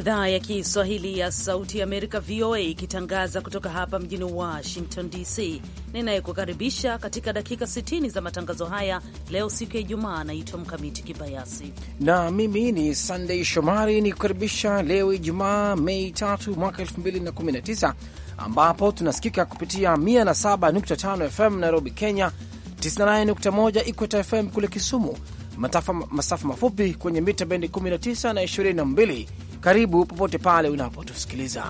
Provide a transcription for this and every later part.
idhaa ya Kiswahili ya Sauti ya Amerika, VOA, ikitangaza kutoka hapa mjini Washington DC. Ninayekukaribisha katika dakika 60 za matangazo haya leo, siku ya Ijumaa, anaitwa Mkamiti Kibayasi na mimi ni Sandei Shomari, ni kukaribisha leo Ijumaa Mei 3 mwaka 2019, ambapo tunasikika kupitia 107.5 FM Nairobi, Kenya, 98.1 Ikweta FM kule Kisumu, masafa mafupi kwenye mita bendi 19 na 22 karibu popote pale unapotusikiliza.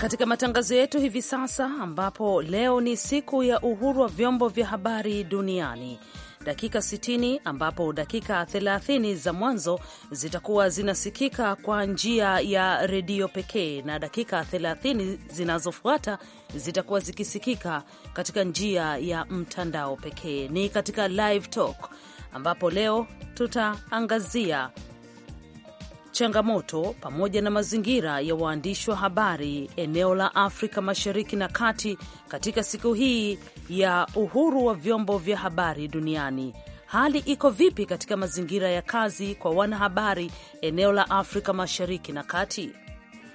Katika matangazo yetu hivi sasa, ambapo leo ni siku ya uhuru wa vyombo vya habari duniani dakika 60 ambapo dakika 30 za mwanzo zitakuwa zinasikika kwa njia ya redio pekee na dakika 30 zinazofuata zitakuwa zikisikika katika njia ya mtandao pekee. Ni katika live talk ambapo leo tutaangazia changamoto pamoja na mazingira ya waandishi wa habari eneo la Afrika Mashariki na Kati katika siku hii ya uhuru wa vyombo vya habari duniani. Hali iko vipi katika mazingira ya kazi kwa wanahabari eneo la Afrika Mashariki na Kati?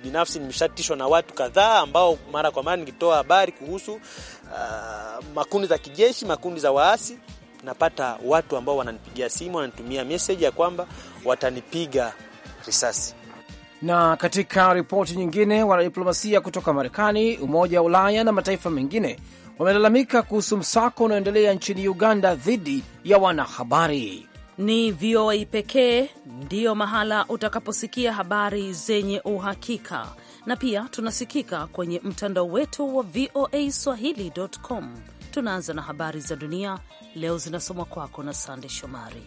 Binafsi nimeshatishwa na watu kadhaa ambao mara kwa mara nikitoa habari kuhusu uh, makundi za kijeshi, makundi za waasi, napata watu ambao wananipigia simu, wananitumia meseji ya kwamba watanipiga risasi. Na katika ripoti nyingine, wanadiplomasia kutoka Marekani, Umoja wa Ulaya na mataifa mengine wamelalamika kuhusu msako unaoendelea nchini Uganda dhidi ya wanahabari. Ni VOA pekee ndiyo mahala utakaposikia habari zenye uhakika, na pia tunasikika kwenye mtandao wetu wa VOA swahili.com. Tunaanza na habari za dunia leo, zinasomwa kwako na Sande Shomari.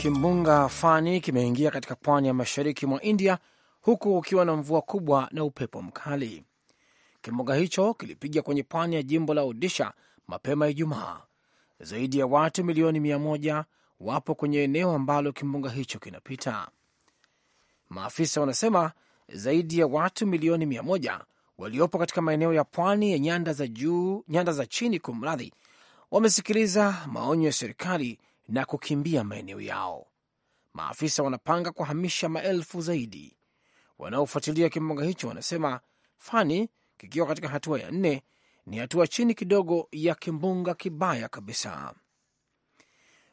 Kimbunga Fani kimeingia katika pwani ya mashariki mwa India huku ukiwa na mvua kubwa na upepo mkali. Kimbunga hicho kilipiga kwenye pwani ya jimbo la Odisha mapema Ijumaa. Zaidi ya watu milioni mia moja wapo kwenye eneo ambalo kimbunga hicho kinapita. Maafisa wanasema zaidi ya watu milioni mia moja waliopo katika maeneo ya pwani ya nyanda za juu, nyanda za chini, kumradhi, wamesikiliza maonyo ya serikali na kukimbia maeneo yao. Maafisa wanapanga kuhamisha maelfu zaidi. Wanaofuatilia kimbunga hicho wanasema Fani kikiwa katika hatua ya nne, ni hatua chini kidogo ya kimbunga kibaya kabisa.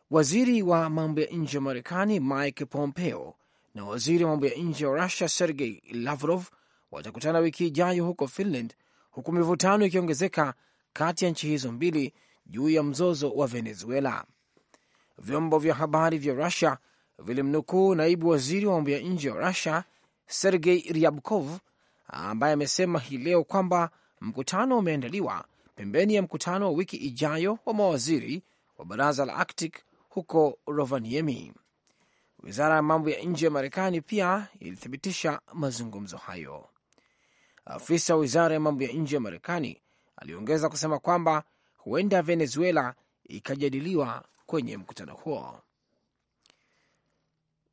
Waziri wa mambo ya nje wa Marekani Mike Pompeo na waziri wa mambo ya nje wa Rusia Sergei Lavrov watakutana wiki ijayo huko Finland, huku mivutano ikiongezeka kati ya nchi hizo mbili juu ya mzozo wa Venezuela vyombo vya habari vya Rusia vilimnukuu naibu waziri wa mambo ya nje wa Rusia Sergei Ryabkov ambaye amesema hii leo kwamba mkutano umeandaliwa pembeni ya mkutano wa wiki ijayo wa mawaziri wa baraza la Arctic huko Rovaniemi. Wizara ya mambo ya nje ya Marekani pia ilithibitisha mazungumzo hayo. Afisa wa wizara ya mambo ya nje ya Marekani aliongeza kusema kwamba huenda Venezuela ikajadiliwa kwenye mkutano huo.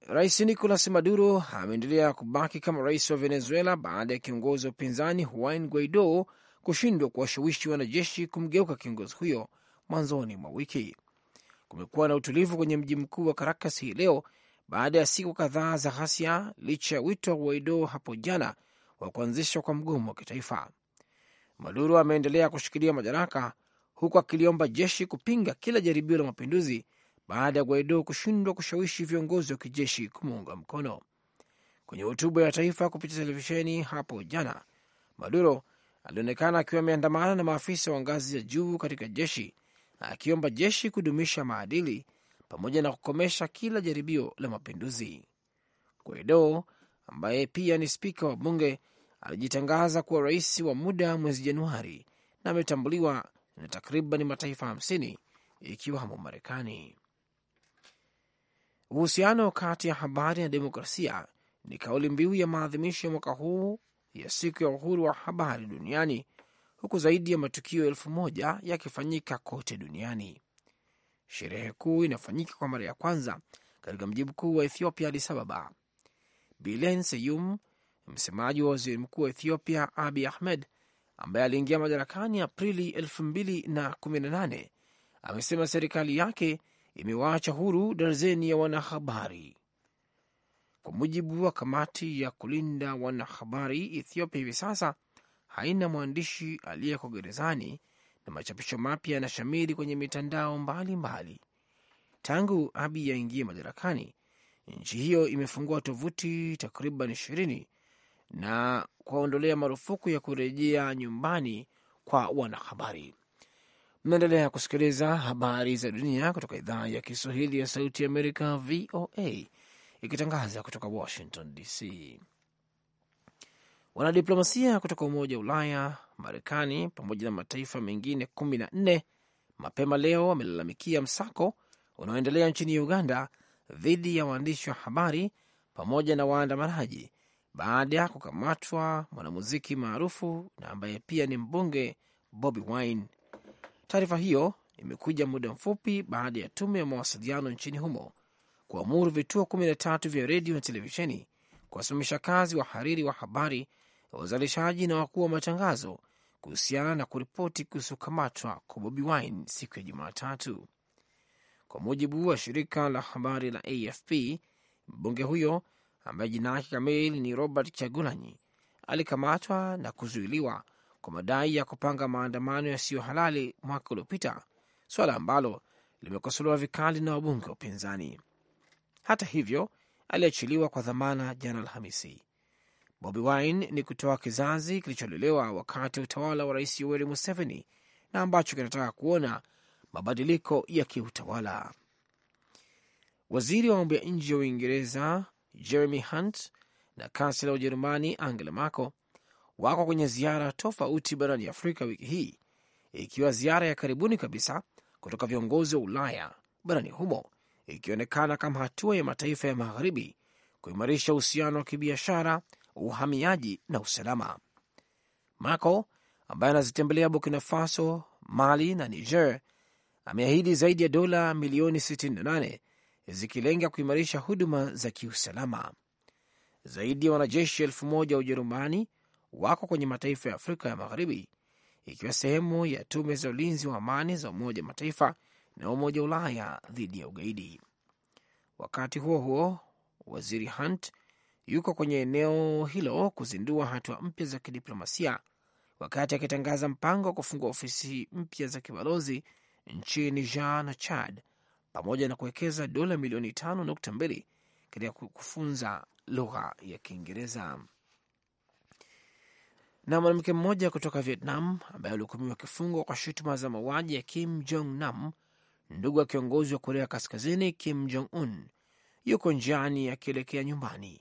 Rais Nicolas Maduro ameendelea kubaki kama rais wa Venezuela baada ya kiongozi wa upinzani Juan Guaido kushindwa kuwashawishi wanajeshi kumgeuka kiongozi huyo mwanzoni mwa wiki. Kumekuwa na utulivu kwenye mji mkuu wa Caracas hii leo baada ya siku kadhaa za ghasia, licha ya wito wa Guaido hapo jana wa kuanzishwa kwa mgomo wa kitaifa. Maduro ameendelea kushikilia madaraka huku akiliomba jeshi kupinga kila jaribio la mapinduzi baada ya Guaido kushindwa kushawishi viongozi wa kijeshi kumuunga mkono. Kwenye hotuba ya taifa kupitia televisheni hapo jana, Maduro alionekana akiwa ameandamana na maafisa wa ngazi ya juu katika jeshi, akiomba jeshi kudumisha maadili pamoja na kukomesha kila jaribio la mapinduzi. Guaido ambaye pia ni spika wa bunge alijitangaza kuwa rais wa muda mwezi Januari na ametambuliwa na takriban mataifa hamsini ikiwamo Marekani. Uhusiano kati ya habari na demokrasia ni kauli mbiu ya maadhimisho ya mwaka huu ya siku ya uhuru wa habari duniani, huku zaidi ya matukio elfu moja yakifanyika kote duniani. Sherehe kuu inafanyika kwa mara ya kwanza katika mji mkuu wa Ethiopia, Addis Ababa. Bilen Seyum, msemaji wa waziri mkuu wa Ethiopia Abi Ahmed, ambaye aliingia madarakani Aprili 2018 amesema serikali yake imewaacha huru darzeni ya wanahabari. Kwa mujibu wa kamati ya kulinda wanahabari, Ethiopia hivi sasa haina mwandishi aliyeko gerezani na machapisho mapya yanashamiri kwenye mitandao mbalimbali mbali. Tangu Abi yaingie madarakani, nchi hiyo imefungua tovuti takriban ishirini na kuwaondolea marufuku ya kurejea nyumbani kwa wanahabari. Mnaendelea kusikiliza habari za dunia kutoka idhaa ya Kiswahili ya Sauti ya Amerika, VOA, ikitangaza kutoka Washington DC. Wanadiplomasia kutoka Umoja wa Ulaya, Marekani pamoja na mataifa mengine kumi na nne mapema leo wamelalamikia msako unaoendelea nchini Uganda dhidi ya waandishi wa habari pamoja na waandamanaji baada ya kukamatwa mwanamuziki maarufu na ambaye pia ni mbunge Bobi Wine. Taarifa hiyo imekuja muda mfupi baada ya tume ya mawasiliano nchini humo kuamuru vituo kumi na tatu vya redio na televisheni kuwasimamisha kazi wahariri wa habari, wazalishaji na wakuu wa matangazo kuhusiana na kuripoti kuhusu kukamatwa kwa Bobi Wine siku ya Jumatatu, kwa mujibu wa shirika la habari la AFP. Mbunge huyo ambaye jina lake kamili ni Robert Chagulanyi alikamatwa na kuzuiliwa kwa madai ya kupanga maandamano yasiyo halali mwaka uliopita, swala ambalo limekosolewa vikali na wabunge wa upinzani. Hata hivyo, aliachiliwa kwa dhamana jana Alhamisi. Bobi Wine ni kutoa kizazi kilicholelewa wakati wa utawala wa Rais Yoweri Museveni na ambacho kinataka kuona mabadiliko ya kiutawala. Waziri wa mambo ya nje wa Uingereza Jeremy Hunt na kansela wa Ujerumani Angela Merkel wako kwenye ziara tofauti barani Afrika wiki hii, ikiwa ziara ya karibuni kabisa kutoka viongozi wa Ulaya barani humo, ikionekana kama hatua ya mataifa ya magharibi kuimarisha uhusiano wa kibiashara, uhamiaji na usalama. Merkel ambaye anazitembelea Burkina Faso, Mali na Niger ameahidi zaidi ya dola milioni 68 zikilenga kuimarisha huduma za kiusalama. Zaidi ya wanajeshi elfu moja wa Ujerumani wako kwenye mataifa ya Afrika ya Magharibi, ikiwa sehemu ya tume za ulinzi wa amani za Umoja wa Mataifa na Umoja wa Ulaya dhidi ya ugaidi. Wakati huo huo, waziri Hunt yuko kwenye eneo hilo kuzindua hatua mpya za kidiplomasia, wakati akitangaza mpango wa kufungua ofisi mpya za kibalozi nchini Niger na Chad pamoja na kuwekeza dola milioni tano nukta mbili katika kufunza lugha ya Kiingereza. Na mwanamke mmoja kutoka Vietnam ambaye alihukumiwa kifungo kwa shutuma za mauaji ya Kim Jong Nam, ndugu wa kiongozi wa Korea Kaskazini Kim Jong Un, yuko njiani akielekea nyumbani.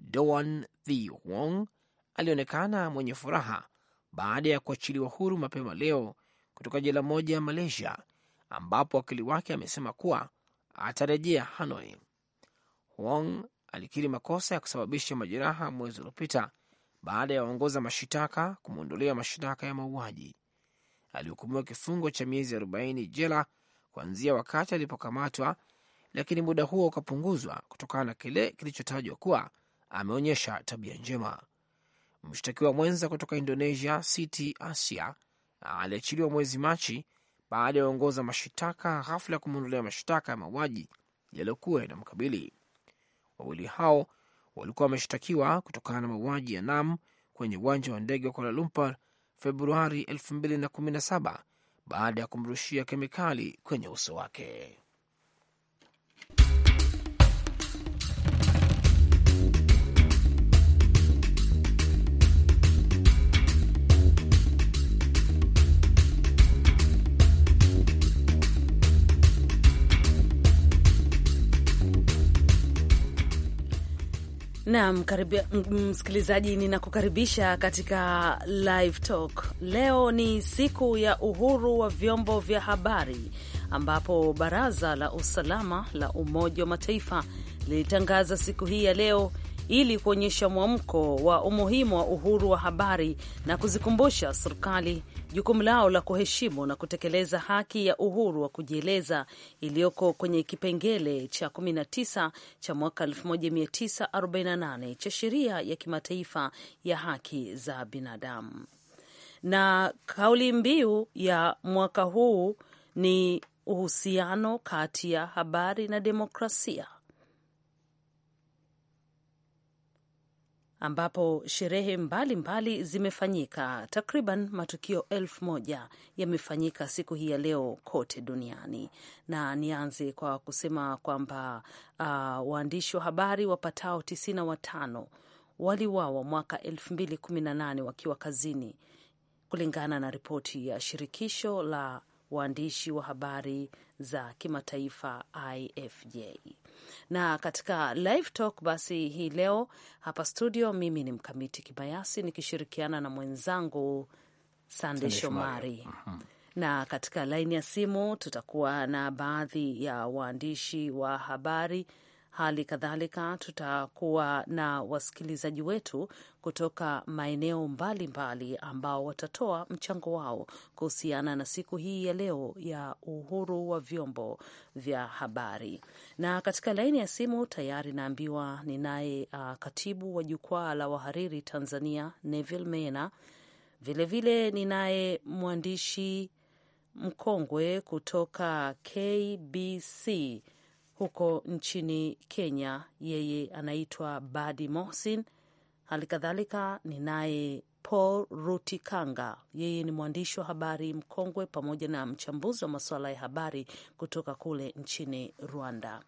Doan Thi Wong alionekana mwenye furaha baada ya kuachiliwa huru mapema leo kutoka jela moja ya Malaysia ambapo wakili wake amesema kuwa atarejea Hanoi. Huang alikiri makosa ya kusababisha majeraha mwezi uliopita baada ya waongoza mashitaka kumwondolea mashitaka ya mauaji. Alihukumiwa kifungo cha miezi 40 jela kuanzia wakati alipokamatwa, lakini muda huo ukapunguzwa kutokana na kile kilichotajwa kuwa ameonyesha tabia njema. Mshtakiwa mwenza kutoka Indonesia Siti Asia aliachiliwa mwezi Machi baada ya uongoza mashitaka ghafla ya kumwondolea mashtaka ya mauaji yaliyokuwa yanamkabili. Wawili hao walikuwa wameshtakiwa kutokana na mauaji ya Nam kwenye uwanja wa ndege wa Kuala Lumpur Februari 2017 baada ya kumrushia kemikali kwenye uso wake. Naam, msikilizaji, ninakukaribisha katika Live Talk. Leo ni siku ya uhuru wa vyombo vya habari ambapo Baraza la Usalama la Umoja wa Mataifa lilitangaza siku hii ya leo ili kuonyesha mwamko wa umuhimu wa uhuru wa habari na kuzikumbusha serikali jukumu lao la kuheshimu na kutekeleza haki ya uhuru wa kujieleza iliyoko kwenye kipengele cha 19 cha mwaka 1948 cha sheria ya kimataifa ya haki za binadamu. Na kauli mbiu ya mwaka huu ni uhusiano kati ya habari na demokrasia. ambapo sherehe mbalimbali zimefanyika. Takriban matukio elfu moja yamefanyika siku hii ya leo kote duniani, na nianze kwa kusema kwamba uh, waandishi wa habari wapatao tisini na watano waliwawa mwaka elfu mbili kumi na nane wakiwa kazini, kulingana na ripoti ya shirikisho la waandishi wa habari za kimataifa IFJ. Na katika live talk basi hii leo hapa studio, mimi ni Mkamiti Kibayasi nikishirikiana na mwenzangu Sande Shomari. Mm-hmm. Na katika laini ya simu tutakuwa na baadhi ya waandishi wa habari Hali kadhalika tutakuwa na wasikilizaji wetu kutoka maeneo mbalimbali ambao watatoa mchango wao kuhusiana na siku hii ya leo ya uhuru wa vyombo vya habari. Na katika laini ya simu tayari naambiwa ninaye uh, katibu wa jukwaa la wahariri Tanzania Neville Mena. Vilevile ninaye mwandishi mkongwe kutoka KBC huko nchini Kenya. Yeye anaitwa Badi Mohsin. Hali kadhalika ninaye Paul Rutikanga, yeye ni mwandishi wa habari mkongwe pamoja na mchambuzi wa masuala ya habari kutoka kule nchini Rwanda.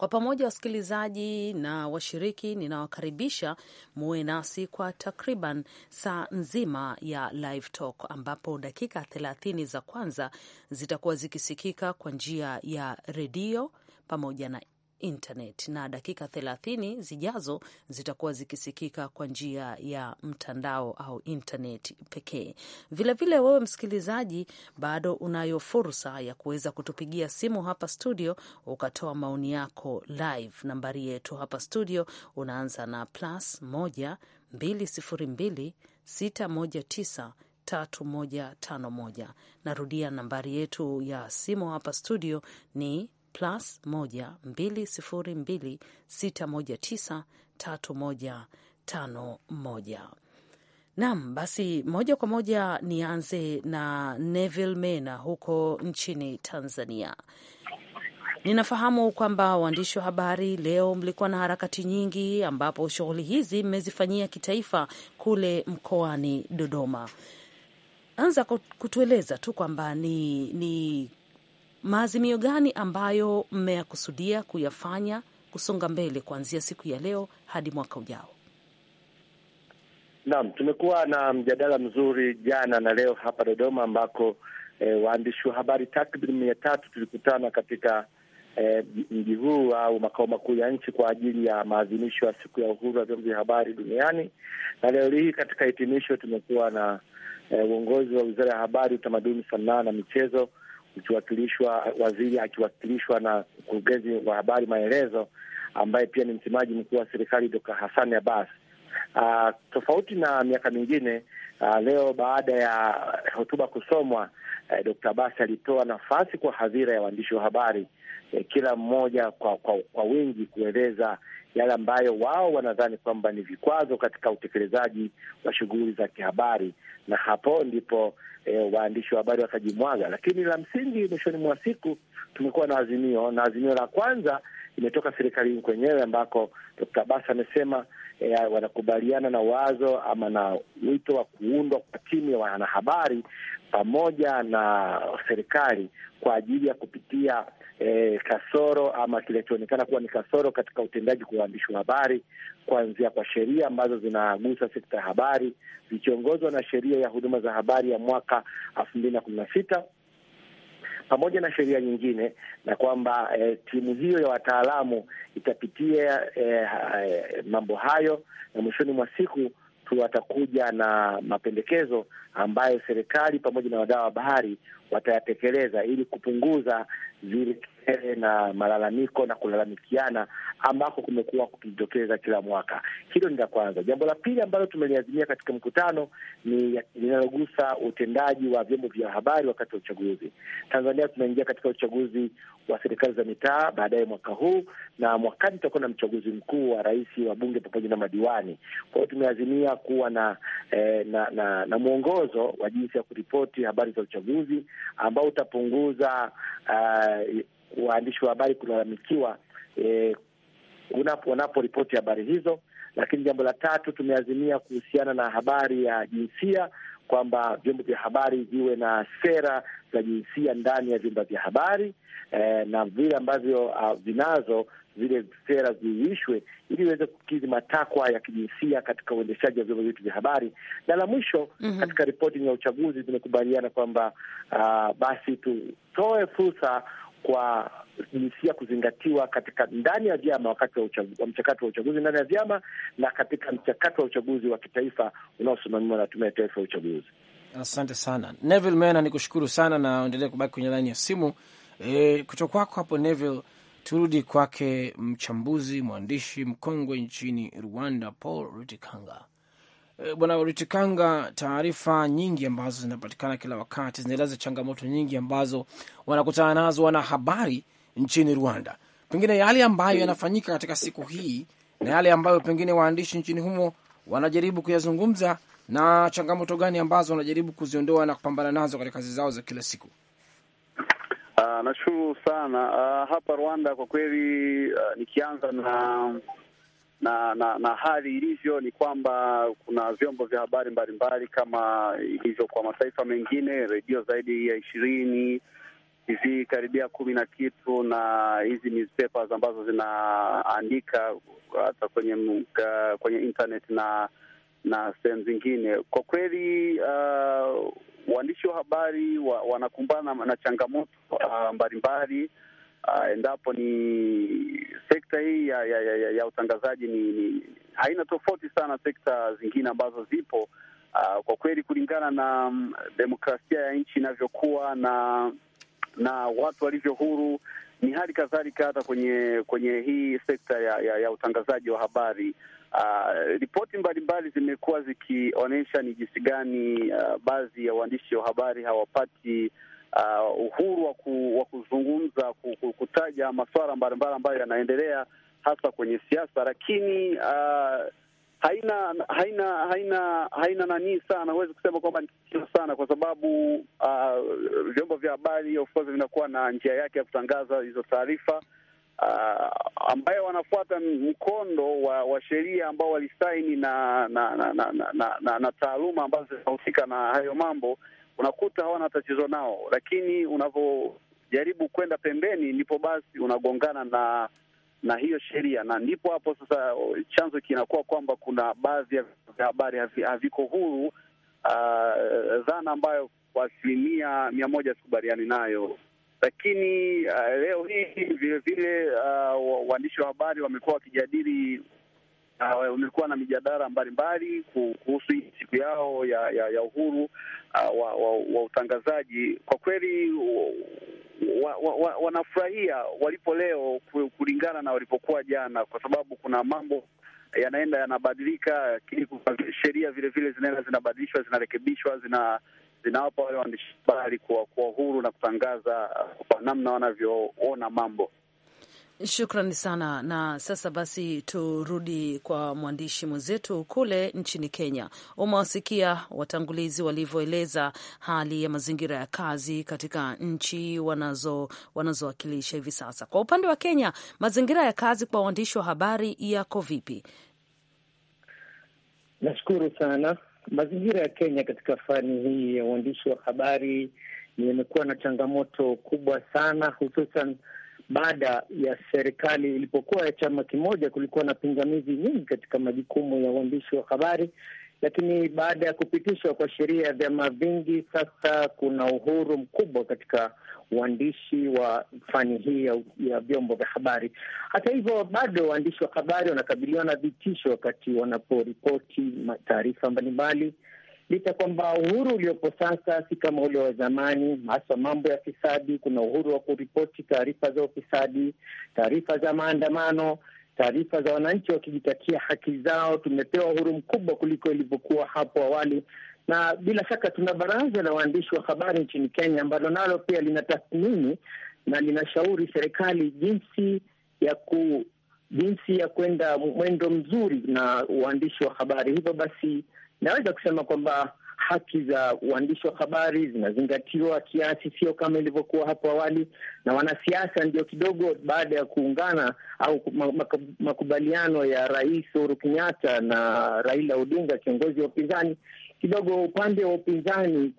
Kwa pamoja wasikilizaji na washiriki, ninawakaribisha muwe nasi kwa takriban saa nzima ya Live Talk, ambapo dakika thelathini za kwanza zitakuwa zikisikika kwa njia ya redio pamoja na internet, na dakika thelathini zijazo zitakuwa zikisikika kwa njia ya mtandao au internet pekee. Vilevile wewe msikilizaji, bado unayo fursa ya kuweza kutupigia simu hapa studio ukatoa maoni yako live. Nambari yetu hapa studio unaanza na plus moja mbili sifuri mbili sita moja tisa moja. Narudia, nambari yetu ya simu hapa studio ni plus 1 202 619 3151. Nam, basi moja kwa moja nianze na Neville Mena huko nchini Tanzania. Ninafahamu kwamba waandishi wa habari leo mlikuwa na harakati nyingi, ambapo shughuli hizi mmezifanyia kitaifa kule mkoani Dodoma. Anza kutueleza tu kwamba ni, ni maazimio gani ambayo mmeyakusudia kuyafanya kusonga mbele kuanzia siku ya leo hadi mwaka ujao? Naam, tumekuwa na mjadala mzuri jana na leo hapa Dodoma ambako e, waandishi wa habari takriban mia tatu tulikutana katika e, mji huu au makao makuu ya nchi kwa ajili ya maadhimisho ya siku ya uhuru wa vyombo vya habari duniani. Na leo hii katika hitimisho tumekuwa na e, uongozi wa Wizara ya Habari, Utamaduni, Sanaa na Michezo ikiwakilishwa waziri akiwakilishwa na mkurugenzi wa habari maelezo, ambaye pia ni msemaji mkuu wa serikali Dr. Hassan Abbas. Uh, tofauti na miaka mingine uh, leo baada ya hotuba kusomwa uh, eh, Dr. Abbas alitoa nafasi kwa hadhira ya waandishi wa habari uh, kila mmoja kwa, kwa, kwa wingi kueleza yale ambayo wao wanadhani kwamba ni vikwazo katika utekelezaji wa shughuli za kihabari, na hapo ndipo e, waandishi wa habari wakajimwaga Lakini la msingi, mwishoni mwa siku tumekuwa na azimio, na azimio la kwanza imetoka serikalini kwenyewe ambako Dkt. Abbas amesema e, wanakubaliana na wazo ama na wito wa kuundwa kwa timu ya wanahabari pamoja na serikali kwa ajili ya kupitia e, kasoro ama kilichoonekana kuwa ni kasoro katika utendaji kwa waandishi wa habari, kuanzia kwa sheria ambazo zinagusa sekta ya habari zikiongozwa na sheria ya huduma za habari ya mwaka elfu mbili na kumi na sita pamoja na sheria nyingine, na kwamba e, timu hiyo ya wataalamu itapitia e, mambo hayo na mwishoni mwa siku tu watakuja na mapendekezo ambayo serikali pamoja na wadau wa bahari watayatekeleza ili kupunguza zile na malalamiko na kulalamikiana ambako kumekuwa kukijitokeza kila mwaka. Hilo ni la kwanza. Jambo la pili ambalo tumeliazimia katika mkutano ni linalogusa utendaji wa vyombo vya habari wakati wa uchaguzi. Tanzania tunaingia katika uchaguzi wa serikali za mitaa baadaye mwaka huu, na mwakani tutakuwa na mchaguzi mkuu wa rais, wa bunge pamoja na madiwani. Kwa hiyo tumeazimia kuwa na, eh, na, na, na mwongozo wa jinsi ya kuripoti habari za uchaguzi ambao utapunguza uh, waandishi wa habari kulalamikiwa eh, wanaporipoti habari hizo. Lakini jambo la tatu tumeazimia kuhusiana na habari ya jinsia kwamba vyombo vya habari viwe na sera za jinsia ndani ya vyumba vya habari eh, na vile ambavyo uh, vinazo zile sera ziuishwe ili iweze kukidhi matakwa ya kijinsia katika uendeshaji wa vyombo vyetu vya habari. Na la mwisho mm -hmm. Katika ripoti ya uchaguzi zimekubaliana kwamba uh, basi tutoe fursa kwa jinsia kuzingatiwa katika ndani ya vyama wakati wa mchakato wa uchaguzi ndani ya vyama na katika mchakato wa uchaguzi wa kitaifa unaosimamiwa na Tume ya Taifa ya Uchaguzi. Asante sana Neville Mena, ni kushukuru sana na endelee kubaki kwenye laini ya simu. E, kutoka kwako hapo Neville, turudi kwake mchambuzi, mwandishi mkongwe nchini Rwanda, Paul Rutikanga. Eh, Bwana ritikanga taarifa nyingi ambazo zinapatikana kila wakati zinaeleza changamoto nyingi ambazo wanakutana nazo wanahabari nchini Rwanda, pengine yale ambayo yanafanyika katika siku hii na yale ambayo pengine waandishi nchini humo wanajaribu kuyazungumza na changamoto gani ambazo wanajaribu kuziondoa na kupambana nazo katika kazi zao za kila siku. Uh, nashukuru sana uh, hapa Rwanda kwa kweli uh, nikianza na na, na, na hali ilivyo ni kwamba kuna vyombo vya habari mbalimbali kama ilivyo kwa mataifa mengine, redio zaidi ya ishirini TV karibia kumi na kitu na hizi newspapers ambazo zinaandika hata kwenye mga, uh, kwenye internet na na sehemu zingine. Kwa kweli uh, waandishi wa habari wa, wanakumbana na changamoto uh, mbalimbali uh, endapo ni sekta hii ya, ya, ya, ya utangazaji ni, ni haina tofauti sana sekta zingine ambazo zipo uh, kwa kweli kulingana na um, demokrasia ya nchi inavyokuwa na na watu walivyo huru ni hali kadhalika hata kwenye kwenye hii sekta ya, ya, ya utangazaji wa habari uh, ripoti mbalimbali zimekuwa zikionyesha ni jinsi gani uh, baadhi ya waandishi wa habari hawapati uh, uhuru wa, ku, wa kuzungumza kutaja masuala mbalimbali ambayo yanaendelea hasa kwenye siasa, lakini uh, haina haina haina haina nanii sana, huwezi kusema kwamba ni sana, kwa sababu uh, vyombo vya habari of course vinakuwa na njia yake ya kutangaza hizo taarifa uh, ambayo wanafuata mkondo wa, wa sheria ambao walisaini na na na, na, na, na, na, na taaluma ambazo zinahusika na hayo mambo unakuta hawana tatizo nao, lakini unavyojaribu kwenda pembeni, ndipo basi unagongana na na hiyo sheria, na ndipo hapo sasa oh, chanzo kinakuwa kwamba kuna baadhi ya habari haviko huru, uh, dhana ambayo kwa asilimia mia moja sikubaliani nayo lakini uh, leo hii vilevile uh, waandishi wa habari wamekuwa wakijadili uh, umekuwa na mijadala mbalimbali kuhusu hii siku yao ya, ya, ya uhuru uh, wa, wa, wa utangazaji. Kwa kweli wa, wa, wa, wanafurahia walipo leo kulingana na walipokuwa jana, kwa sababu kuna mambo yanaenda yanabadilika, sheria vilevile zinaenda zinabadilishwa, zinarekebishwa, zina zinawapa wale waandishi habari kuwa huru na kutangaza uh, kwa namna wanavyoona mambo. Shukrani sana. Na sasa basi turudi kwa mwandishi mwenzetu kule nchini Kenya. Umewasikia watangulizi walivyoeleza hali ya mazingira ya kazi katika nchi wanazo wanazowakilisha hivi sasa. Kwa upande wa Kenya, mazingira ya kazi kwa waandishi wa habari yako vipi? Nashukuru sana. Mazingira ya Kenya katika fani hii ya uandishi wa habari yamekuwa na changamoto kubwa sana, hususan baada ya serikali ilipokuwa ya chama kimoja, kulikuwa na pingamizi nyingi katika majukumu ya uandishi wa habari, lakini baada ya kupitishwa kwa sheria ya vyama vingi, sasa kuna uhuru mkubwa katika uandishi wa fani hii ya vyombo vya habari. Hata hivyo, bado waandishi wa habari wanakabiliwa na vitisho wakati wanaporipoti taarifa mbalimbali licha kwamba uhuru uliopo sasa si kama ule wa zamani, haswa mambo ya fisadi. Kuna uhuru wa kuripoti taarifa za ufisadi, taarifa za maandamano, taarifa za wananchi wakijitakia haki zao. Tumepewa uhuru mkubwa kuliko ilivyokuwa hapo awali, na bila shaka tuna baraza la waandishi wa habari nchini Kenya ambalo nalo pia linatathmini na linashauri serikali jinsi ya ku jinsi ya kwenda mwendo mzuri na uandishi wa habari. Hivyo basi naweza kusema kwamba haki za uandishi wa habari zinazingatiwa kiasi, sio kama ilivyokuwa hapo awali, na wanasiasa ndio kidogo, baada ya kuungana au makubaliano ya Rais Uhuru Kenyatta na Raila Odinga, kiongozi wa upinzani, kidogo upande wa upinzani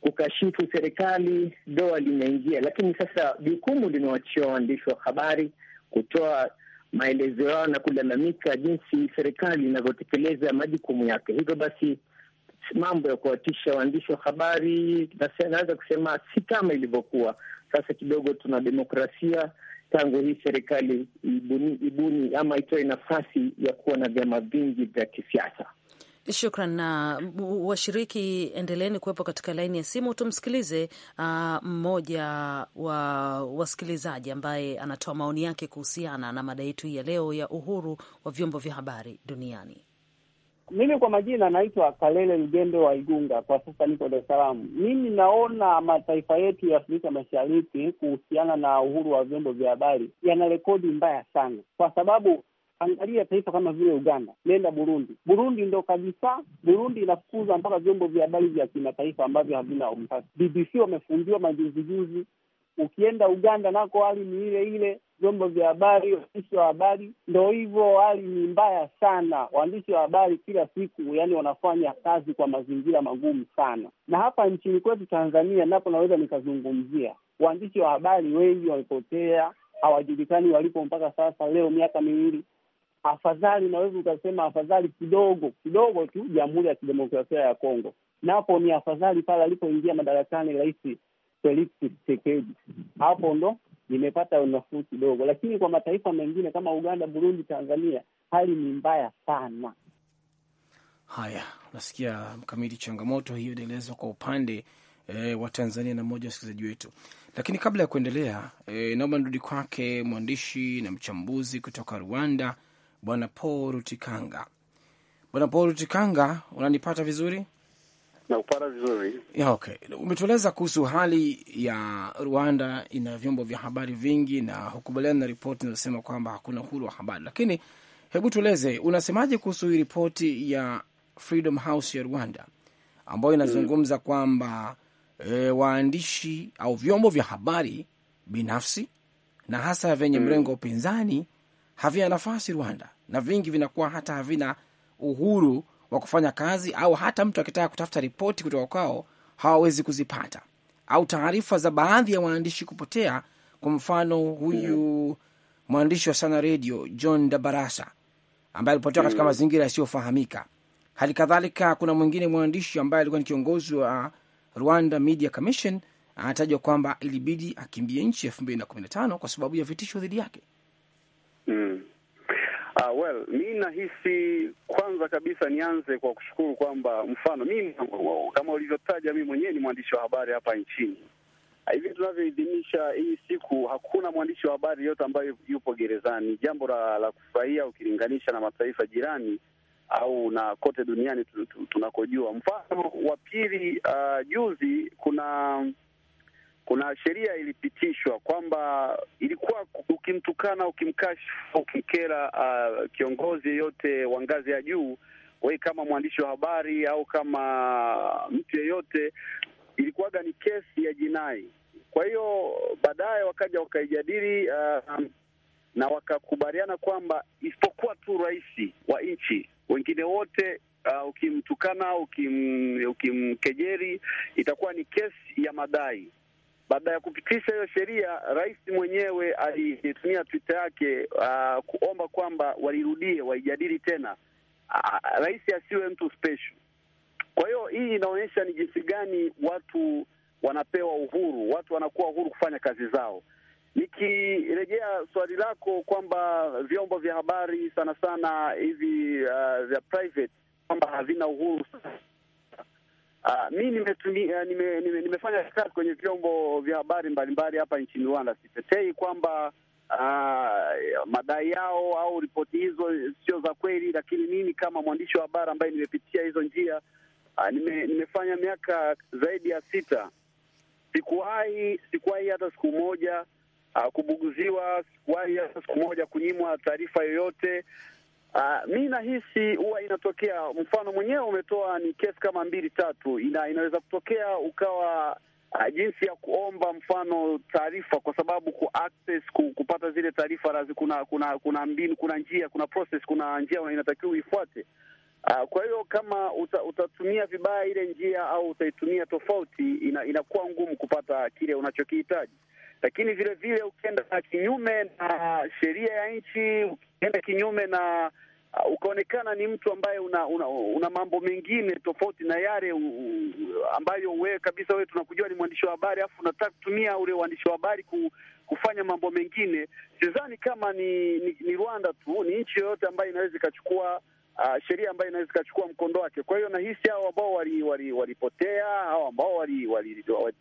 kukashifu serikali doa limeingia, lakini sasa jukumu limewachia waandishi wa habari kutoa maelezo yao na kulalamika jinsi serikali inavyotekeleza majukumu yake. Hivyo basi mambo ya kuwatisha waandishi wa habari, naweza kusema si kama ilivyokuwa. Sasa kidogo tuna demokrasia tangu hii serikali ibuni, ibuni ama itoe nafasi ya kuwa na vyama vingi vya kisiasa. Shukran na washiriki, endeleeni kuwepo katika laini ya simu. Tumsikilize uh, mmoja wa wasikilizaji ambaye anatoa maoni yake kuhusiana na mada yetu hii ya leo ya uhuru wa vyombo vya habari duniani. Mimi kwa majina naitwa Kalele Lugendo wa Igunga, kwa sasa niko Dar es Salaam. Mimi naona mataifa yetu ya Afrika Mashariki kuhusiana na uhuru wa vyombo vya habari yana rekodi mbaya sana, kwa sababu Angalia taifa kama vile Uganda, nenda Burundi. Burundi ndo kabisa, Burundi inafukuza mpaka vyombo vya habari vya kimataifa ambavyo havina umtasi. BBC wamefungiwa majuzi juzi. Ukienda Uganda nako hali ni ile ile, vyombo vya habari, waandishi wa habari ndo hivyo, hali ni mbaya sana. Waandishi wa habari kila siku, yani wanafanya kazi kwa mazingira magumu sana. Na hapa nchini kwetu Tanzania napo naweza nikazungumzia waandishi wa habari wengi wamepotea, hawajulikani walipo mpaka sasa, leo miaka miwili afadhali, unaweza ukasema afadhali kidogo kidogo tu Jamhuri ya Kidemokrasia ya Kongo, napo ni afadhali pale alipoingia madarakani Rais Felix Tshisekedi, hapo ndo imepata unafuu kidogo, lakini kwa mataifa mengine kama Uganda, Burundi, Tanzania hali ni mbaya sana. Haya, nasikia mkamiti, changamoto hiyo inaelezwa kwa upande e, wa Tanzania na mmoja wa wasikilizaji wetu. Lakini kabla ya kuendelea e, naomba nirudi kwake mwandishi na mchambuzi kutoka Rwanda Bwana Paul Rutikanga. Bwana Paul Rutikanga, unanipata vizuri? Nakupata vizuri. Yeah, okay. Umetueleza kuhusu hali ya Rwanda, ina vyombo vya habari vingi na hukubaliana na ripoti inazosema kwamba hakuna uhuru wa habari, lakini hebu tueleze, unasemaje kuhusu hii ripoti ya Freedom House ya Rwanda ambayo inazungumza mm, kwamba e, waandishi au vyombo vya habari binafsi na hasa vyenye mm. mrengo wa upinzani havina nafasi Rwanda, na vingi vinakuwa hata havina uhuru wa kufanya kazi, au hata mtu akitaka kutafuta ripoti kutoka kwao hawawezi kuzipata, au taarifa za baadhi ya waandishi kupotea. Kwa mfano huyu mwandishi wa Sana Redio John Dabarasa ambaye alipotea katika mm. mazingira yasiyofahamika. Hali kadhalika kuna mwingine mwandishi ambaye alikuwa ni kiongozi wa Rwanda Media Commission, anatajwa kwamba ilibidi akimbie nchi elfu mbili na kumi na tano kwa sababu ya vitisho dhidi yake. Mm. Uh, well, mi nahisi kwanza kabisa nianze kwa kushukuru kwamba mfano mi kama ulivyotaja, mi mwenyewe ni mwandishi wa habari hapa nchini. Ah, hivi tunavyoidhinisha hii siku, hakuna mwandishi wa habari yote ambayo yupo gerezani, jambo la, la kufurahia ukilinganisha na mataifa jirani au na kote duniani tunakojua. Mfano wa pili, uh, juzi kuna kuna sheria ilipitishwa kwamba ilikuwa ukimtukana, ukimkashifu, ukikera uh, kiongozi yeyote wa ngazi ya juu, wewe kama mwandishi wa habari au kama mtu yeyote, ilikuwaga ni kesi ya jinai. Kwa hiyo baadaye wakaja wakaijadili uh, um, na wakakubaliana kwamba isipokuwa tu rais wa nchi, wengine wote uh, ukimtukana, ukim, ukimkejeri itakuwa ni kesi ya madai baada ya kupitisha hiyo sheria, rais mwenyewe alitumia Twitter yake uh, kuomba kwamba walirudie waijadili tena, uh, rais asiwe mtu special. Kwa hiyo hii inaonyesha ni jinsi gani watu wanapewa uhuru, watu wanakuwa uhuru kufanya kazi zao. Nikirejea swali lako kwamba vyombo vya habari sana sana hivi uh, vya private kwamba havina uhuru Ah, mi nimetumia eh, nime, nime, nimefanya kazi kwenye vyombo vya habari mbalimbali hapa nchini Rwanda. Sitetei kwamba uh, madai yao au ripoti hizo sio za kweli, lakini mimi kama mwandishi wa habari ambaye nimepitia hizo njia uh, nime, nimefanya miaka zaidi ya sita, sikuwahi sikuwahi hata siku moja uh, kubuguziwa, sikuwahi hata siku moja kunyimwa taarifa yoyote Uh, mi nahisi huwa inatokea. Mfano mwenyewe umetoa ni kesi kama mbili tatu, ina, inaweza kutokea ukawa Uh, jinsi ya kuomba mfano taarifa, kwa sababu ku access kupata zile taarifa razi, kuna kuna kuna mbinu, kuna njia, kuna process, kuna njia inatakiwa uifuate. Uh, ah, kwa hiyo kama uta, utatumia vibaya ile njia au utaitumia tofauti, ina, inakuwa ngumu kupata kile unachokihitaji lakini vile vile ukienda kinyume na sheria ya nchi, ukienda kinyume na uh, ukaonekana ni mtu ambaye una, una, una mambo mengine tofauti na yale ambayo wewe kabisa wewe tunakujua ni mwandishi wa habari, alafu unataka kutumia ule uandishi wa habari ku, kufanya mambo mengine, sidhani kama ni, ni, ni Rwanda tu, ni nchi yoyote ambayo inaweza ikachukua uh, sheria ambayo inaweza ikachukua mkondo wake. Kwa hiyo nahisi hao ambao walipotea wali, wali hao ambao walitoroka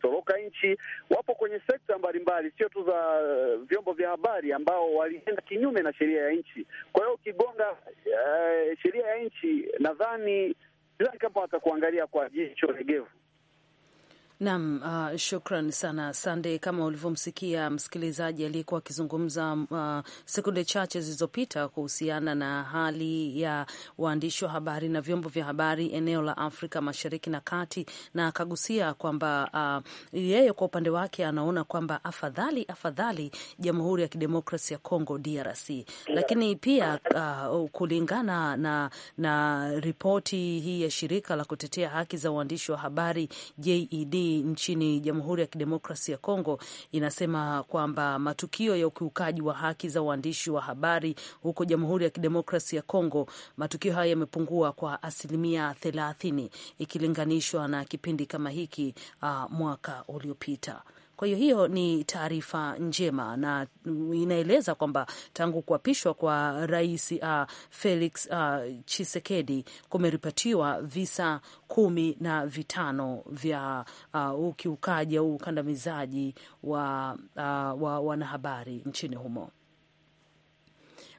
wali, wali nchi wapo kwenye sekta mbalimbali, sio tu za eh, vyombo vya habari, ambao walienda kinyume na sheria ya nchi. Kwa hiyo ukigonga uh, sheria ya nchi, nadhani sidhani kama watakuangalia kwa jicho legevu. Naam, uh, shukran sana Sande. Kama ulivyomsikia msikilizaji aliyekuwa akizungumza uh, sekunde chache zilizopita kuhusiana na hali ya waandishi wa habari na vyombo vya habari eneo la Afrika Mashariki na Kati, na akagusia kwamba uh, yeye kwa upande wake anaona kwamba afadhali afadhali Jamhuri ya Kidemokrasi ya Congo DRC, lakini pia uh, kulingana na, na ripoti hii ya shirika la kutetea haki za waandishi wa habari JED nchini Jamhuri ya Kidemokrasi ya Kongo inasema kwamba matukio ya ukiukaji wa haki za waandishi wa habari huko Jamhuri ya Kidemokrasi ya Kongo, matukio haya yamepungua kwa asilimia thelathini ikilinganishwa na kipindi kama hiki uh, mwaka uliopita. Kwa hiyo hiyo ni taarifa njema, na inaeleza kwamba tangu kuapishwa kwa rais uh, Felix uh, Chisekedi kumeripotiwa visa kumi na vitano vya uh, ukiukaji au ukandamizaji wa, uh, wa wanahabari nchini humo.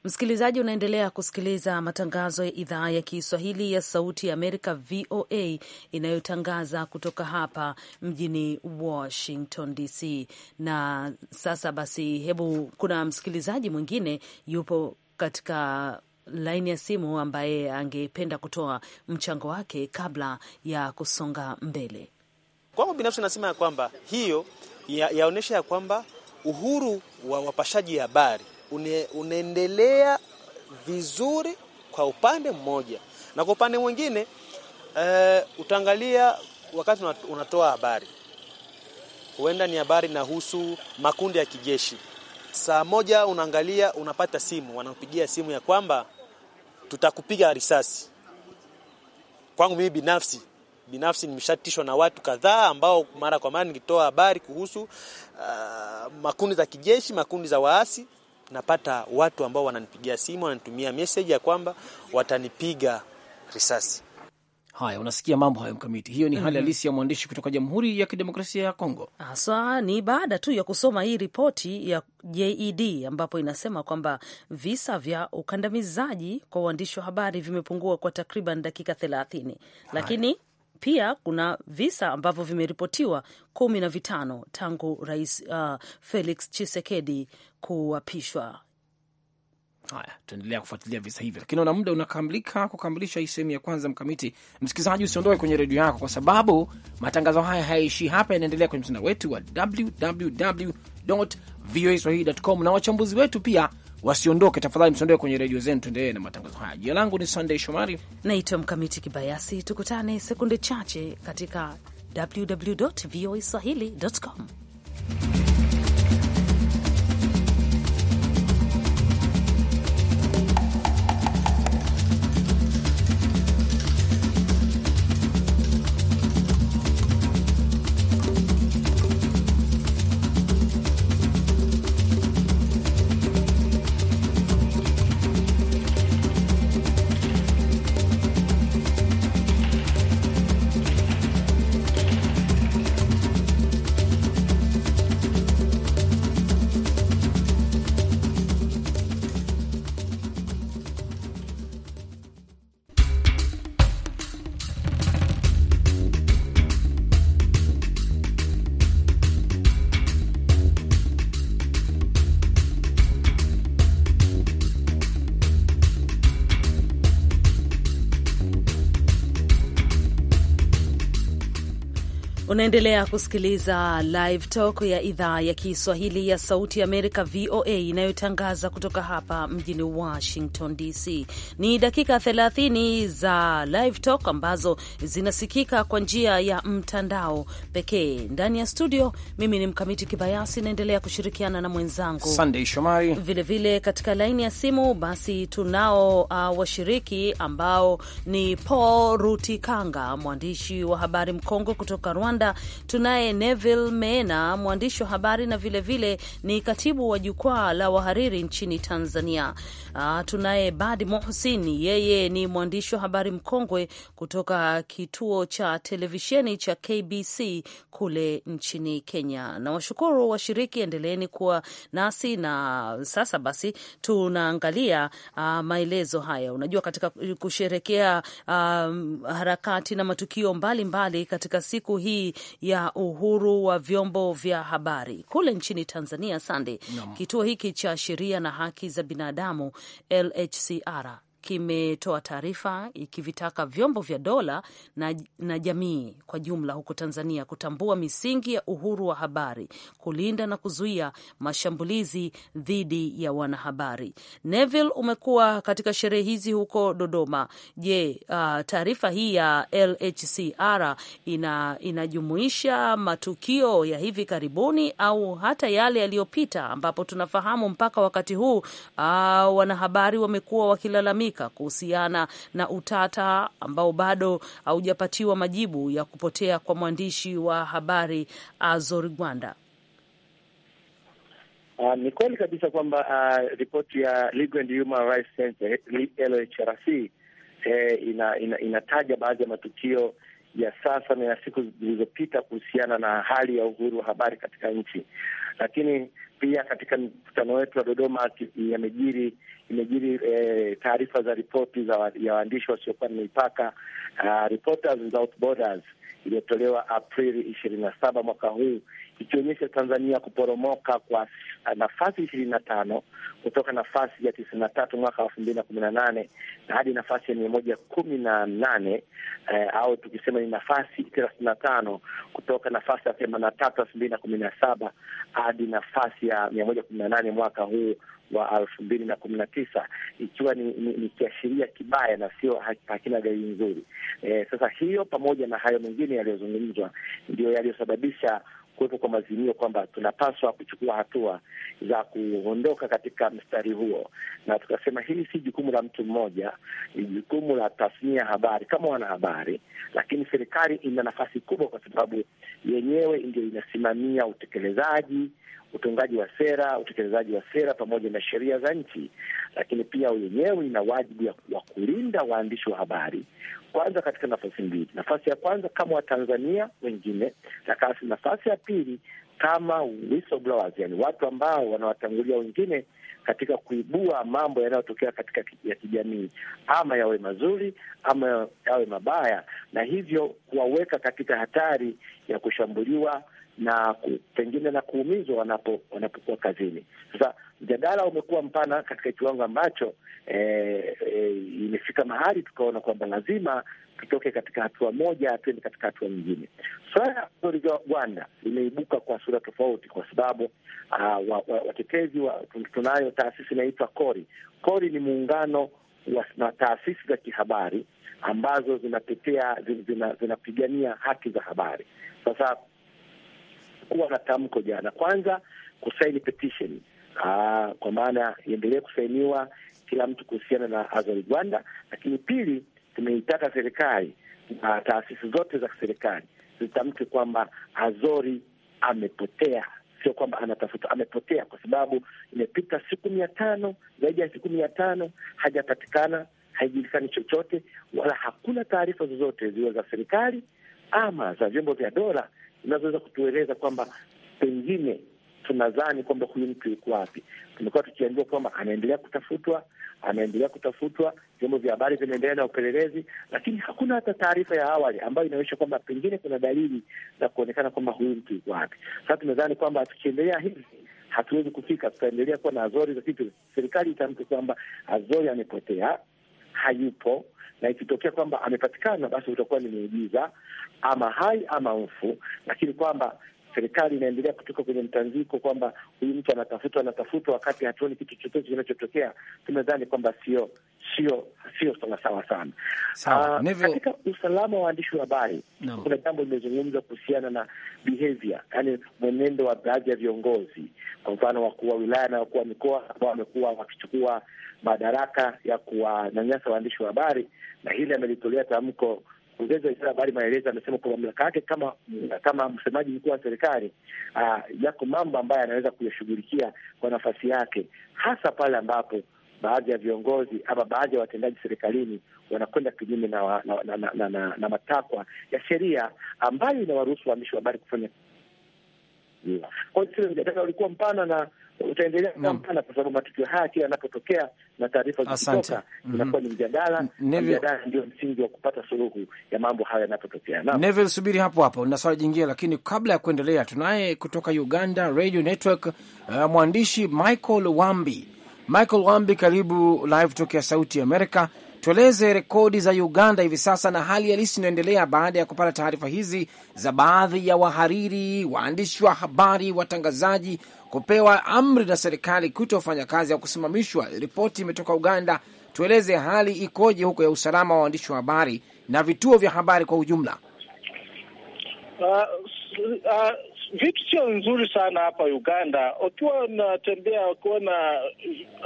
Msikilizaji, unaendelea kusikiliza matangazo ya idhaa ya Kiswahili ya Sauti ya Amerika, VOA, inayotangaza kutoka hapa mjini Washington DC. Na sasa basi, hebu kuna msikilizaji mwingine yupo katika laini ya simu ambaye angependa kutoa mchango wake kabla ya kusonga mbele. Kwangu binafsi nasema ya kwamba hiyo yaonyesha ya, ya kwamba uhuru wa wapashaji habari une, unaendelea vizuri kwa upande mmoja, na kwa upande mwingine e, utaangalia wakati unatoa habari, huenda ni habari inahusu makundi ya kijeshi. Saa moja unaangalia, unapata simu, wanakupigia simu ya kwamba tutakupiga risasi. Kwangu mimi binafsi binafsi nimeshatishwa na watu kadhaa ambao mara kwa mara nikitoa habari kuhusu uh, makundi za kijeshi, makundi za waasi napata watu ambao wananipigia simu, wananitumia message ya kwamba watanipiga risasi. Haya, unasikia mambo hayo Mkamiti. Hiyo ni mm -hmm. hali mhm. halisi ya mwandishi kutoka Jamhuri ya Kidemokrasia ya Kongo. Haswa ni baada tu ya kusoma hii ripoti ya JED ambapo inasema kwamba visa vya ukandamizaji kwa uandishi wa habari vimepungua kwa takriban dakika thelathini, lakini pia kuna visa ambavyo vimeripotiwa kumi na vitano tangu Rais uh, Felix chisekedi kuapishwa. Haya, tutaendelea kufuatilia visa hivyo, lakini una muda unakamilika kukamilisha hii sehemu ya kwanza. Mkamiti msikilizaji, usiondoke kwenye redio yako, kwa sababu matangazo haya hayaishii hapa, yanaendelea kwenye mtandao wetu wa www voa na wachambuzi wetu pia wasiondoke tafadhali, msiondoke kwenye redio zenu, tuendelee na matangazo haya. Jina langu ni Sunday Shomari, naitwa Mkamiti Kibayasi. Tukutane sekunde chache katika www voa swahili com. Unaendelea kusikiliza Live Talk ya idhaa ya Kiswahili ya Sauti ya Amerika, VOA, inayotangaza kutoka hapa mjini Washington DC. Ni dakika 30 za Live Talk ambazo zinasikika kwa njia ya mtandao pekee. Ndani ya studio, mimi ni Mkamiti Kibayasi, naendelea kushirikiana na mwenzangu Sandei Shomari. Vilevile katika laini ya simu, basi tunao uh, washiriki ambao ni Paul Rutikanga, mwandishi wa habari mkongwe kutoka Rwanda Uganda tunaye Neville Meena, mwandishi wa habari na vilevile vile ni katibu wa jukwaa la wahariri nchini Tanzania. Uh, tunaye Badi Mohsin, yeye ni mwandishi wa habari mkongwe kutoka kituo cha televisheni cha KBC kule nchini Kenya. Na washukuru washiriki, endeleeni kuwa nasi na sasa basi tunaangalia uh, maelezo haya. Unajua, katika kusherekea uh, harakati na matukio mbalimbali mbali katika siku hii ya uhuru wa vyombo vya habari kule nchini Tanzania. Sande, kituo hiki cha sheria na haki za binadamu LHCR kimetoa taarifa ikivitaka vyombo vya dola na, na jamii kwa jumla huko Tanzania kutambua misingi ya uhuru wa habari, kulinda na kuzuia mashambulizi dhidi ya wanahabari. Neville, umekuwa katika sherehe hizi huko Dodoma. Je, uh, taarifa hii ya LHCR ina, inajumuisha matukio ya hivi karibuni au hata yale yaliyopita, ambapo tunafahamu mpaka wakati huu uh, wanahabari wamekuwa wakilalamika Afrika kuhusiana na utata ambao bado haujapatiwa majibu ya kupotea kwa mwandishi wa habari Azor uh, Gwanda. Uh, ni kweli kabisa kwamba uh, ripoti ya Legal and Human Rights Center LHRC eh, ina, ina, inataja baadhi ya matukio ya sasa na ya siku zilizopita kuhusiana na hali ya uhuru wa habari katika nchi. Lakini pia katika mkutano wetu wa Dodoma yamejiri imejiri e, taarifa za ripoti za ya waandishi wasiokuwa na mipaka uh, Reporters Without Borders iliyotolewa Aprili ishirini na saba mwaka huu ikionyesha Tanzania kuporomoka kwa nafasi ishirini na tano kutoka nafasi ya tisini na tatu mwaka elfu mbili na kumi na nane na hadi nafasi ya mia moja kumi na nane eh, au tukisema ni nafasi thelathini na tano kutoka nafasi ya themanini na tatu elfu mbili na kumi na saba hadi nafasi ya mia moja kumi na nane mwaka huu wa elfu mbili na kumi na tisa ikiwa ni, ni, ni kiashiria kibaya na sio hakina dalili nzuri. Eh, sasa hiyo pamoja na hayo mengine yaliyozungumzwa ndiyo yaliyosababisha kuwepo kwa maazimio kwamba tunapaswa kuchukua hatua za kuondoka katika mstari huo, na tukasema hili si jukumu la mtu mmoja, ni jukumu la tasnia ya habari kama wanahabari, lakini serikali ina nafasi kubwa, kwa sababu yenyewe ndio inasimamia utekelezaji utungaji wa sera, utekelezaji wa sera pamoja na sheria za nchi. Lakini pia yenyewe ina wajibu wa kulinda waandishi wa habari, kwanza katika nafasi mbili, nafasi ya kwanza kama Watanzania wengine, na nafasi ya pili kama whistleblowers, yani watu ambao wanawatangulia wengine katika kuibua mambo yanayotokea katika ya kijamii, ama yawe mazuri ama yawe mabaya, na hivyo kuwaweka katika hatari ya kushambuliwa na pengine na kuumizwa wanapo wanapokuwa kazini. Sasa mjadala umekuwa mpana katika kiwango ambacho e, e, imefika mahali tukaona kwamba lazima tutoke katika hatua moja tuende katika hatua nyingine. Swala la mzozo za Rwanda limeibuka kwa sura tofauti, kwa sababu ah, watetezi wa, wa, tunayo taasisi inaitwa Kori. Kori ni muungano na taasisi za kihabari ambazo zinatetea zinapigania zina, zina haki za habari. Sasa kuwa na tamko jana, kwanza kusaini petition aa, ah, kwa maana iendelee kusainiwa kila mtu kuhusiana na Azori Rwanda, lakini pili tumeitaka serikali na taasisi zote za serikali zitamke kwamba Azori amepotea, sio kwamba anatafuta, amepotea kwa sababu imepita siku mia tano zaidi ya siku mia tano hajapatikana, haijulikani chochote, wala hakuna taarifa zozote ziwe za serikali ama za vyombo vya dola zinazoweza kutueleza kwamba pengine tunadhani kwamba huyu mtu yuko wapi. Tumekuwa tukiambiwa kwamba anaendelea kutafutwa, anaendelea kutafutwa, vyombo vya habari vinaendelea na upelelezi, lakini hakuna hata taarifa ya awali ambayo inaonyesha kwamba pengine kuna dalili za kuonekana kwamba huyu mtu yuko wapi. Sasa tunadhani kwamba tukiendelea hivi hatuwezi kufika, tutaendelea kuwa na azori za kitu. Serikali itamke kwamba Azori amepotea, hayupo na ikitokea kwamba amepatikana, basi utakuwa ni muujiza, ama hai ama mfu, lakini kwamba serikali inaendelea kutoka kwenye mtanziko kwamba huyu mtu anatafutwa anatafutwa, wakati hatuoni kitu chochote kinachotokea, tumedhani kwamba sio sio sio sawasawa sana. Sawa. Ah, Nevo... katika usalama wa waandishi wa habari no. kuna jambo limezungumza kuhusiana na behavior, yani mwenendo wa baadhi ya viongozi, kwa mfano wakuu wa wilaya na wakuu wa mikoa ambao wamekuwa wakichukua madaraka ya kuwanyanyasa waandishi wa habari, na hili amelitolea tamko Mkurugenzi wa wizara ya habari maelezo amesema kwa mamlaka yake kama kama msemaji mkuu wa serikali ah, yako mambo ambayo anaweza kuyashughulikia kwa nafasi yake, hasa pale ambapo baadhi ya viongozi ama baadhi ya watendaji serikalini wanakwenda kinyume na, na, na, na, na, na, na matakwa ya sheria ambayo inawaruhusu waandishi wa habari kufanya. Kwa hiyo ulikuwa mpana na utaendelea kampana kwa sababu matukio haya kila yanapotokea na taarifa zikitoka inakuwa ni mm-hmm. mjadala. Mjadala ndio msingi wa kupata suluhu ya mambo hayo yanapotokea. Neville, subiri hapo hapo na swali jingine, lakini kabla ya kuendelea, tunaye kutoka Uganda Radio Network uh, mwandishi Michael Wambi. Michael Wambi, karibu Live Talk ya Sauti ya Amerika. Tueleze rekodi za Uganda hivi sasa na hali halisi inayoendelea baada ya kupata taarifa hizi za baadhi ya wahariri, waandishi wa habari, watangazaji kupewa amri na serikali kutofanya kazi ya kusimamishwa. Ripoti imetoka Uganda. Tueleze hali ikoje huko ya usalama wa waandishi wa habari na vituo vya habari kwa ujumla. Uh, uh, vitu sio nzuri sana hapa Uganda. Ukiwa unatembea kuona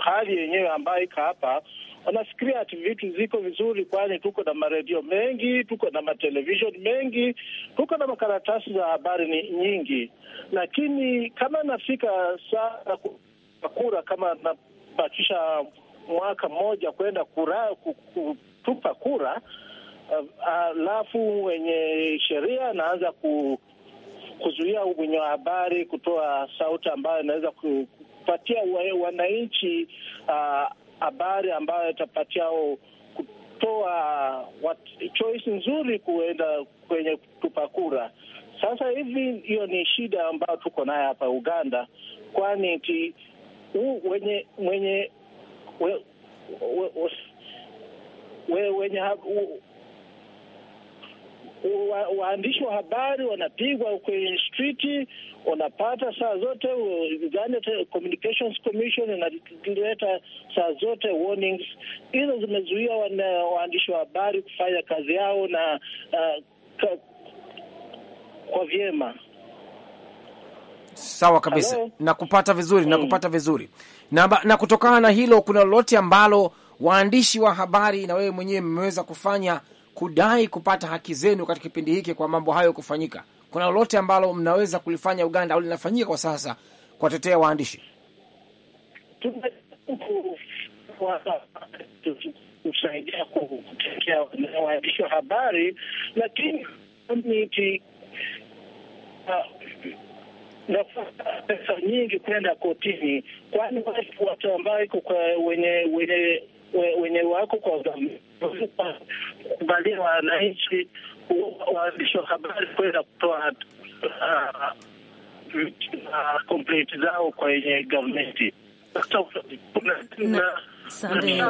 hali yenyewe ambayo iko hapa wanafikiria ati vitu ziko vizuri, kwani tuko na maredio mengi, tuko na matelevisheni mengi, tuko na makaratasi za habari ni nyingi, lakini kama nafika saa kura, kama anabakisha mwaka mmoja kwenda kura kutupa kura, eh, alafu wenye sheria anaanza ku kuzuia wenye wa habari kutoa sauti ambayo inaweza kupatia wananchi uh, habari ambayo itapatia kutoa choice nzuri kuenda kwenye kutupa kura. Sasa hivi hiyo ni shida ambayo tuko nayo hapa Uganda, kwani ti wenye wenye we, we, we, we, wenye wa, waandishi wa habari wanapigwa kwenye striti, wanapata saa zote Uganda Communications Commission inaleta saa zote warnings hizo, zimezuia waandishi wa habari kufanya kazi yao na uh, ka, kwa vyema. Sawa kabisa. Nakupata vizuri na mm. Nakupata vizuri na, na kutokana na hilo kuna lolote ambalo waandishi wa habari na wewe mwenyewe mmeweza kufanya kudai kupata haki zenu katika kipindi hiki kwa mambo hayo kufanyika? Kuna lolote ambalo mnaweza kulifanya Uganda au linafanyika kwa sasa kuwatetea waandishi? kusaidia kutetea waandishi wa habari, lakini uh, pesa nyingi kwenda kotini, kwani watu ambao iko wenye wenye wenye wako kwa kuvalia wananchi waandishi wa habari kuweza kutoa ah, ah, complaint zao kwenye gavumenti. Sasa kuna Sande,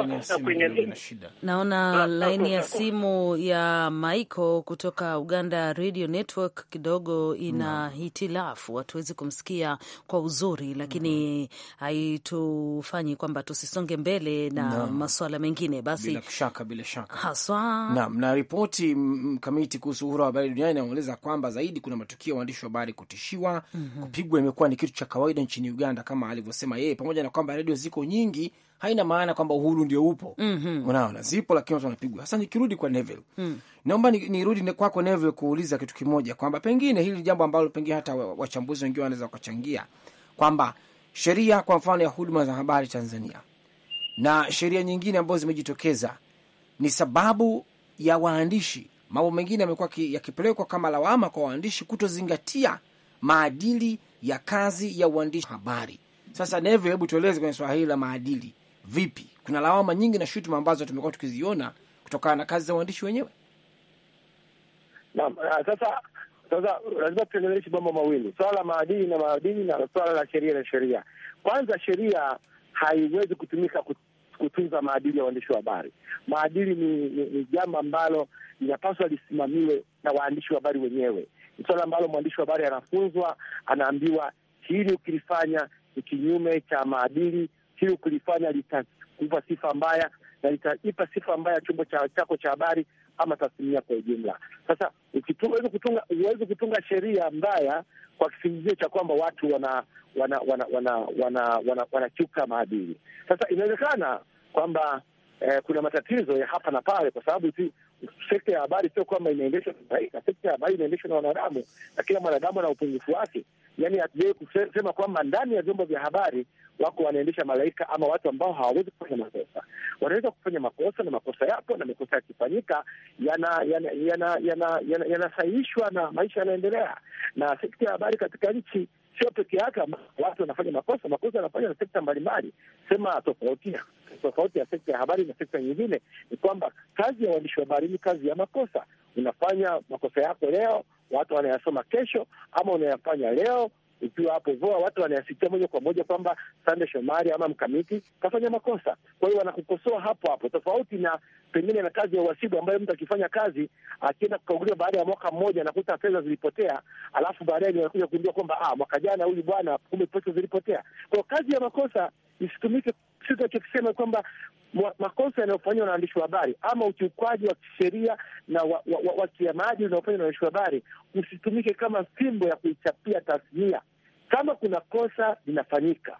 naona laini ya simu ya Maiko kutoka Uganda Radio Network kidogo ina hitilafu, hatuwezi kumsikia kwa uzuri, lakini haitufanyi kwamba tusisonge mbele na, masuala mengine basi, bila shaka, bila shaka haswa naam. Na ripoti kamiti kuhusu uhuru wa habari duniani inaeleza kwamba zaidi kuna matukio ya waandishi wa habari kutishiwa, mhm. kupigwa imekuwa ni kitu cha kawaida nchini Uganda kama alivyosema yeye, pamoja na kwamba redio ziko nyingi, haina maana maana kwamba uhuru ndio upo. mm -hmm. Unaona zipo, lakini watu wanapigwa. Sasa nikirudi kwa Neville mm. naomba nirudi ni kwako Neville kuuliza kitu kimoja kwamba pengine hili jambo ambalo pengine hata wachambuzi wengine wanaweza wakachangia kwamba sheria kwa mfano ya huduma za habari Tanzania na sheria nyingine ambazo zimejitokeza ni sababu ya waandishi. Mambo mengine yamekuwa yakipelekwa kama lawama kwa waandishi kutozingatia maadili ya kazi ya uandishi habari. Sasa Neville, hebu tueleze kwenye swala hili la maadili, vipi? Kuna lawama nyingi na shutuma ambazo tumekuwa tukiziona kutokana na kazi za waandishi wenyewe. Naam, ah, sasa sasa lazima tutenganishe mambo mawili, swala la maadili na maadili na swala la sheria na sheria. Kwanza, sheria haiwezi kutumika kutunza maadili ya waandishi wa habari. Maadili ni, ni, ni jambo ambalo linapaswa lisimamiwe na waandishi wa habari wenyewe. Ni swala ambalo mwandishi wa habari anafunzwa, anaambiwa hili ukilifanya ni kinyume cha maadili, hiyo kulifanya litakupa sifa mbaya na litaipa sifa mbaya chombo cha chako cha habari ama tasnia kwa ujumla. Sasa huwezi kutunga, kutunga sheria mbaya kwa kisingizio cha kwamba watu wana wana wana wana, wana, wana, wana maadili. Sasa inawezekana kwamba eh, kuna matatizo ya hapa na pale, kwa sababu si sekta ya habari sio kwamba inaendeshwa na Sekta ya habari inaendeshwa na wanadamu, na kila mwanadamu ana upungufu wake yani hatujawahi kusema kwamba ndani ya vyombo vya habari wako wanaendesha malaika ama watu ambao hawawezi kufanya makosa. Wanaweza kufanya makosa na makosa yapo, na makosa yakifanyika yanasaiishwa yana, yana, yana, yana, yana na maisha yanaendelea. Na sekta ya habari katika nchi sio peke yake, watu wanafanya makosa, makosa yanafanywa na sekta mbalimbali. Sema tofauti tofauti ya sekta ya habari na sekta nyingine ni kwamba kazi ya waandishi wa habari ni kazi ya makosa. Unafanya makosa yako leo watu wanayasoma kesho ama unayafanya leo. Ukiwa hapo VOA, watu wanayasikia moja kwa moja kwamba Sande Shomari ama mkamiti kafanya makosa, kwa hiyo wanakukosoa hapo hapo, tofauti na pengine na kazi ya uhasibu ambayo mtu akifanya kazi akienda kukaguliwa baada ya mwaka mmoja anakuta fedha zilipotea, alafu baadaye ni wanakuja kugundua kwamba ah, mwaka jana huyu bwana kumbe pesa zilipotea. Kwa hiyo kazi ya makosa isitumike kusema kwamba makosa yanayofanywa na waandishi wa habari ama ukiukwaji wa kisheria na wa, wa, wa, wa kiamaji unaofanywa na waandishi wa habari usitumike kama fimbo ya kuichapia tasnia. Kama kuna kosa linafanyika,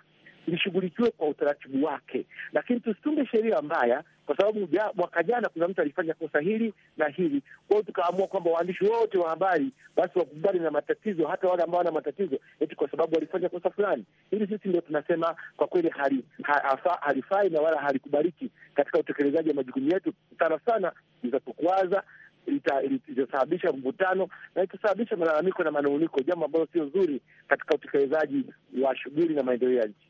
lishughulikiwe kwa utaratibu wake, lakini tusitunge sheria mbaya, kwa sababu mwaka jana kuna mtu alifanya kosa hili na hili. Kwa hiyo tukaamua kwamba waandishi wote wa habari basi wakubali na matatizo, hata wale ambao wana matatizo eti kwa sababu walifanya kosa fulani. Hili sisi ndio tunasema kwa kweli halifai na wala halikubaliki katika utekelezaji wa majukumu yetu, sana sana za kukwaza itasababisha mvutano na itasababisha malalamiko na manung'uniko, jambo ambalo sio zuri katika utekelezaji wa shughuli na maendeleo ya nchi.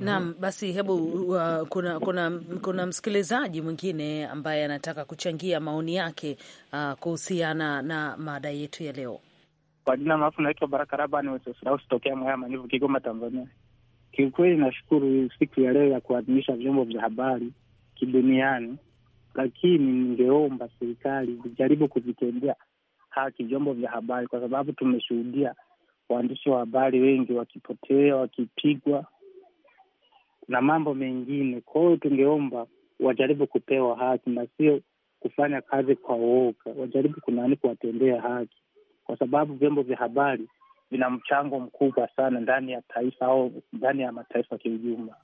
Naam, basi hebu uh, kuna kuna kuna msikilizaji mwingine ambaye anataka kuchangia maoni yake uh, kuhusiana na mada yetu ya leo. Kwa jina mafu naitwa Baraka Rabani tokea Mwaya Manivu, Kigoma, Tanzania. Kiukweli nashukuru siku ya leo ya kuadhimisha vyombo vya habari kiduniani lakini ningeomba serikali vijaribu kuzitendea haki vyombo vya habari, kwa sababu tumeshuhudia waandishi wa habari wengi wakipotea, wakipigwa na mambo mengine. Kwa hiyo tungeomba wajaribu kupewa haki na sio kufanya kazi kwa woga, wajaribu kunani kuwatendea haki, kwa sababu vyombo vya habari vina mchango mkubwa sana ndani ya taifa au ndani ya mataifa kiujumla.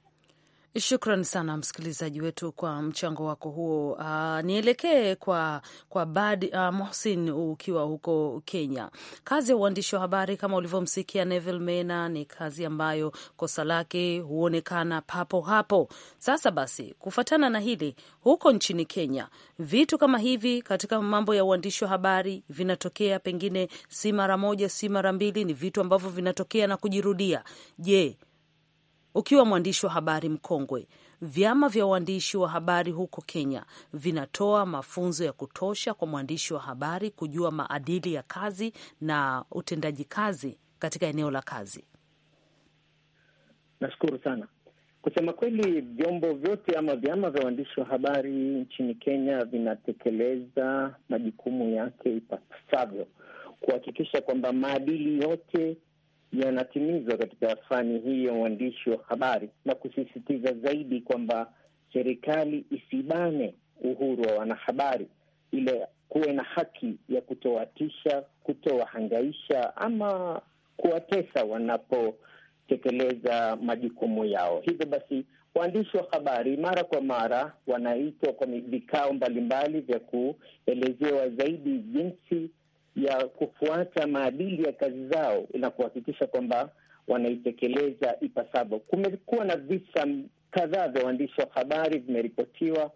Shukran sana msikilizaji wetu kwa mchango wako huo. Uh, nielekee kwa kwa Bad uh, Mohsin ukiwa huko Kenya. Kazi ya uandishi wa habari kama ulivyomsikia Neville Mena ni kazi ambayo kosa lake huonekana papo hapo. Sasa basi, kufuatana na hili, huko nchini Kenya vitu kama hivi katika mambo ya uandishi wa habari vinatokea, pengine si mara moja, si mara mbili, ni vitu ambavyo vinatokea na kujirudia. Je, ukiwa mwandishi wa habari mkongwe, vyama vya waandishi wa habari huko Kenya vinatoa mafunzo ya kutosha kwa mwandishi wa habari kujua maadili ya kazi na utendaji kazi katika eneo la kazi. Nashukuru sana. Kusema kweli, vyombo vyote ama vyama vya waandishi wa habari nchini Kenya vinatekeleza majukumu yake ipasavyo kuhakikisha kwamba maadili yote yanatimizwa katika fani hii ya uandishi wa habari na kusisitiza zaidi kwamba serikali isibane uhuru wa wanahabari, ile kuwe na haki ya kutowatisha, kutowahangaisha ama kuwatesa wanapotekeleza majukumu yao. Hivyo basi, waandishi wa habari mara kwa mara wanaitwa kwa vikao mbalimbali vya kuelezewa zaidi jinsi ya kufuata maadili ya kazi zao na kuhakikisha kwamba wanaitekeleza ipasavyo. Kumekuwa na visa kadhaa vya waandishi wa habari vimeripotiwa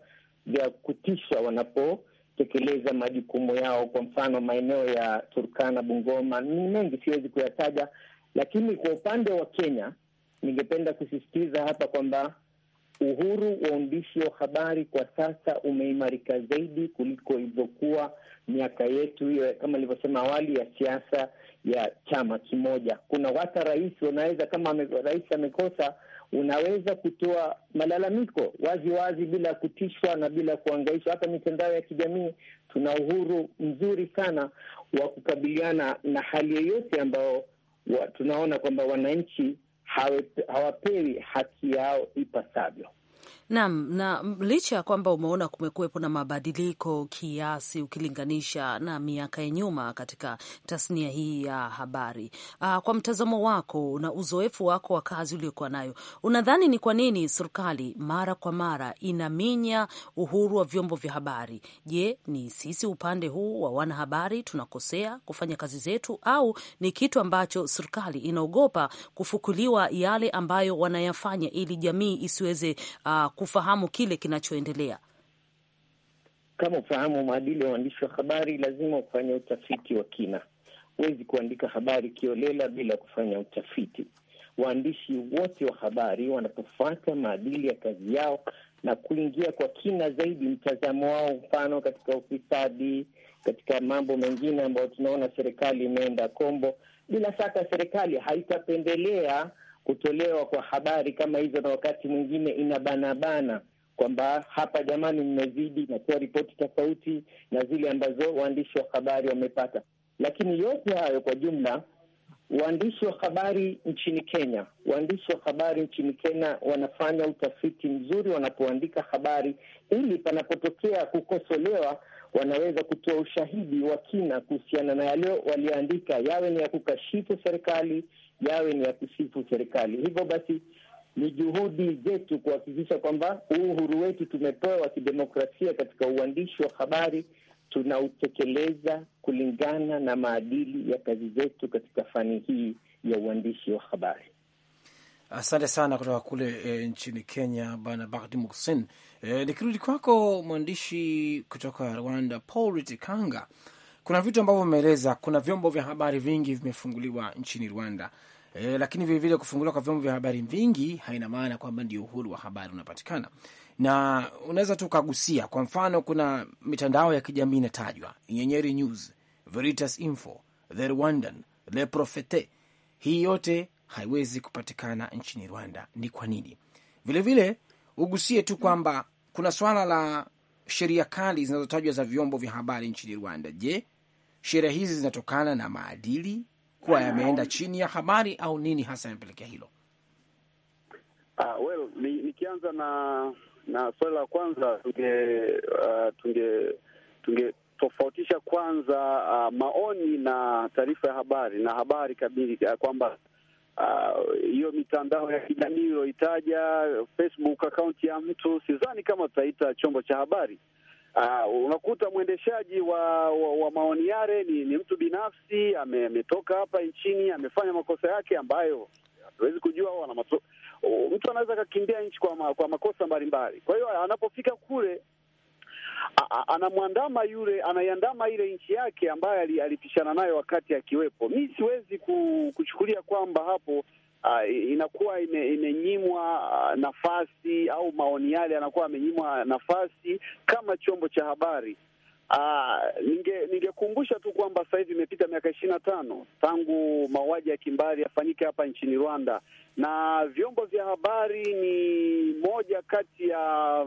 vya kutishwa wanapotekeleza majukumu yao. Kwa mfano, maeneo ya Turkana, Bungoma, ni mengi, siwezi kuyataja. Lakini kwa upande wa Kenya, ningependa kusisitiza hapa kwamba Uhuru wa uandishi wa habari kwa sasa umeimarika zaidi kuliko ilivyokuwa miaka yetu hiyo, kama ilivyosema awali, ya siasa ya chama kimoja. Kuna hata rais unaweza kama ame, rais amekosa, unaweza kutoa malalamiko wazi wazi bila kutishwa na bila kuangaishwa. Hata mitandao ya kijamii, tuna uhuru mzuri sana wa kukabiliana na hali yoyote ambao wa, tunaona kwamba wananchi hawapewi haki yao ipasavyo. Naam, na licha ya kwamba umeona kumekuwepo na mabadiliko kiasi ukilinganisha na miaka ya nyuma katika tasnia hii ya habari, uh, kwa mtazamo wako na uzoefu wako wa kazi uliokuwa nayo, unadhani ni kwa nini serikali mara kwa mara inaminya uhuru wa vyombo vya habari? Je, ni sisi upande huu wa wanahabari tunakosea kufanya kazi zetu, au ni kitu ambacho serikali inaogopa kufukuliwa yale ambayo wanayafanya ili jamii isiweze uh, kufahamu kile kinachoendelea? Kama ufahamu maadili ya waandishi wa habari, lazima ufanye utafiti wa kina. Huwezi kuandika habari kiolela bila kufanya utafiti. Waandishi wote wa habari wanapofuata maadili ya kazi yao na kuingia kwa kina zaidi mtazamo wao, mfano katika ufisadi, katika mambo mengine ambayo tunaona serikali imeenda kombo, bila shaka serikali haitapendelea kutolewa kwa habari kama hizo, na wakati mwingine inabanabana kwamba hapa jamani, mmezidi, natoa ripoti tofauti na zile ambazo waandishi wa habari wamepata. Lakini yote hayo kwa jumla, waandishi wa habari nchini Kenya, waandishi wa habari nchini Kenya wanafanya utafiti mzuri wanapoandika habari, ili panapotokea kukosolewa wanaweza kutoa ushahidi wa kina kuhusiana na yale waliyoandika yawe ni ya kukashifu serikali, yawe ni ya kusifu serikali. Hivyo basi ni juhudi zetu kuhakikisha kwamba huu uhuru wetu tumepewa wa kidemokrasia katika uandishi wa habari tunautekeleza kulingana na maadili ya kazi zetu katika fani hii ya uandishi wa habari. Asante sana kutoka kule e, nchini Kenya, bana Bahdi Muksin. E, eh, nikirudi kwako mwandishi kutoka Rwanda, Paul Ritikanga, kuna vitu ambavyo vimeeleza. Kuna vyombo vya habari vingi vimefunguliwa nchini Rwanda e, lakini vilevile kufunguliwa kwa vyombo vya habari vingi haina maana kwamba ndio uhuru wa habari unapatikana. Na unaweza tu ukagusia, kwa mfano, kuna mitandao ya kijamii inatajwa, Nyenyeri News, Veritas Info, The Rwandan, Le Profete. Hii yote haiwezi kupatikana nchini Rwanda. Ni kwa nini? Vilevile ugusie tu kwamba kuna swala la sheria kali zinazotajwa za vyombo vya habari nchini Rwanda. Je, sheria hizi zinatokana na maadili yalikuwa yameenda chini ya habari au nini hasa yamepelekea hilo? Uh, well, nikianza na na swali la kwanza tunge uh, tunge tungetofautisha kwanza uh, maoni na taarifa ya habari na habari kabili kwamba hiyo uh, mitandao ya kijamii iliyoitaja Facebook akaunti ya mtu sidhani kama tutaita chombo cha habari Uh, unakuta mwendeshaji wa, wa, wa maoni yale ni, ni mtu binafsi ametoka ame hapa nchini amefanya makosa yake ambayo hatuwezi kujua wana matu... uh, mtu anaweza akakimbia nchi kwa, ma, kwa makosa mbalimbali. Kwa hiyo anapofika kule anamwandama yule anaiandama ile nchi yake ambayo alipishana nayo wakati akiwepo. Mi siwezi kuchukulia kwamba hapo uh, inakuwa imenyimwa ime ah, nafasi au maoni yale yanakuwa amenyimwa nafasi kama chombo cha habari. Uh, ninge ningekumbusha tu kwamba sasa hivi imepita miaka ishirini na tano tangu mauaji ya kimbari yafanyike hapa nchini Rwanda, na vyombo vya habari ni moja kati ya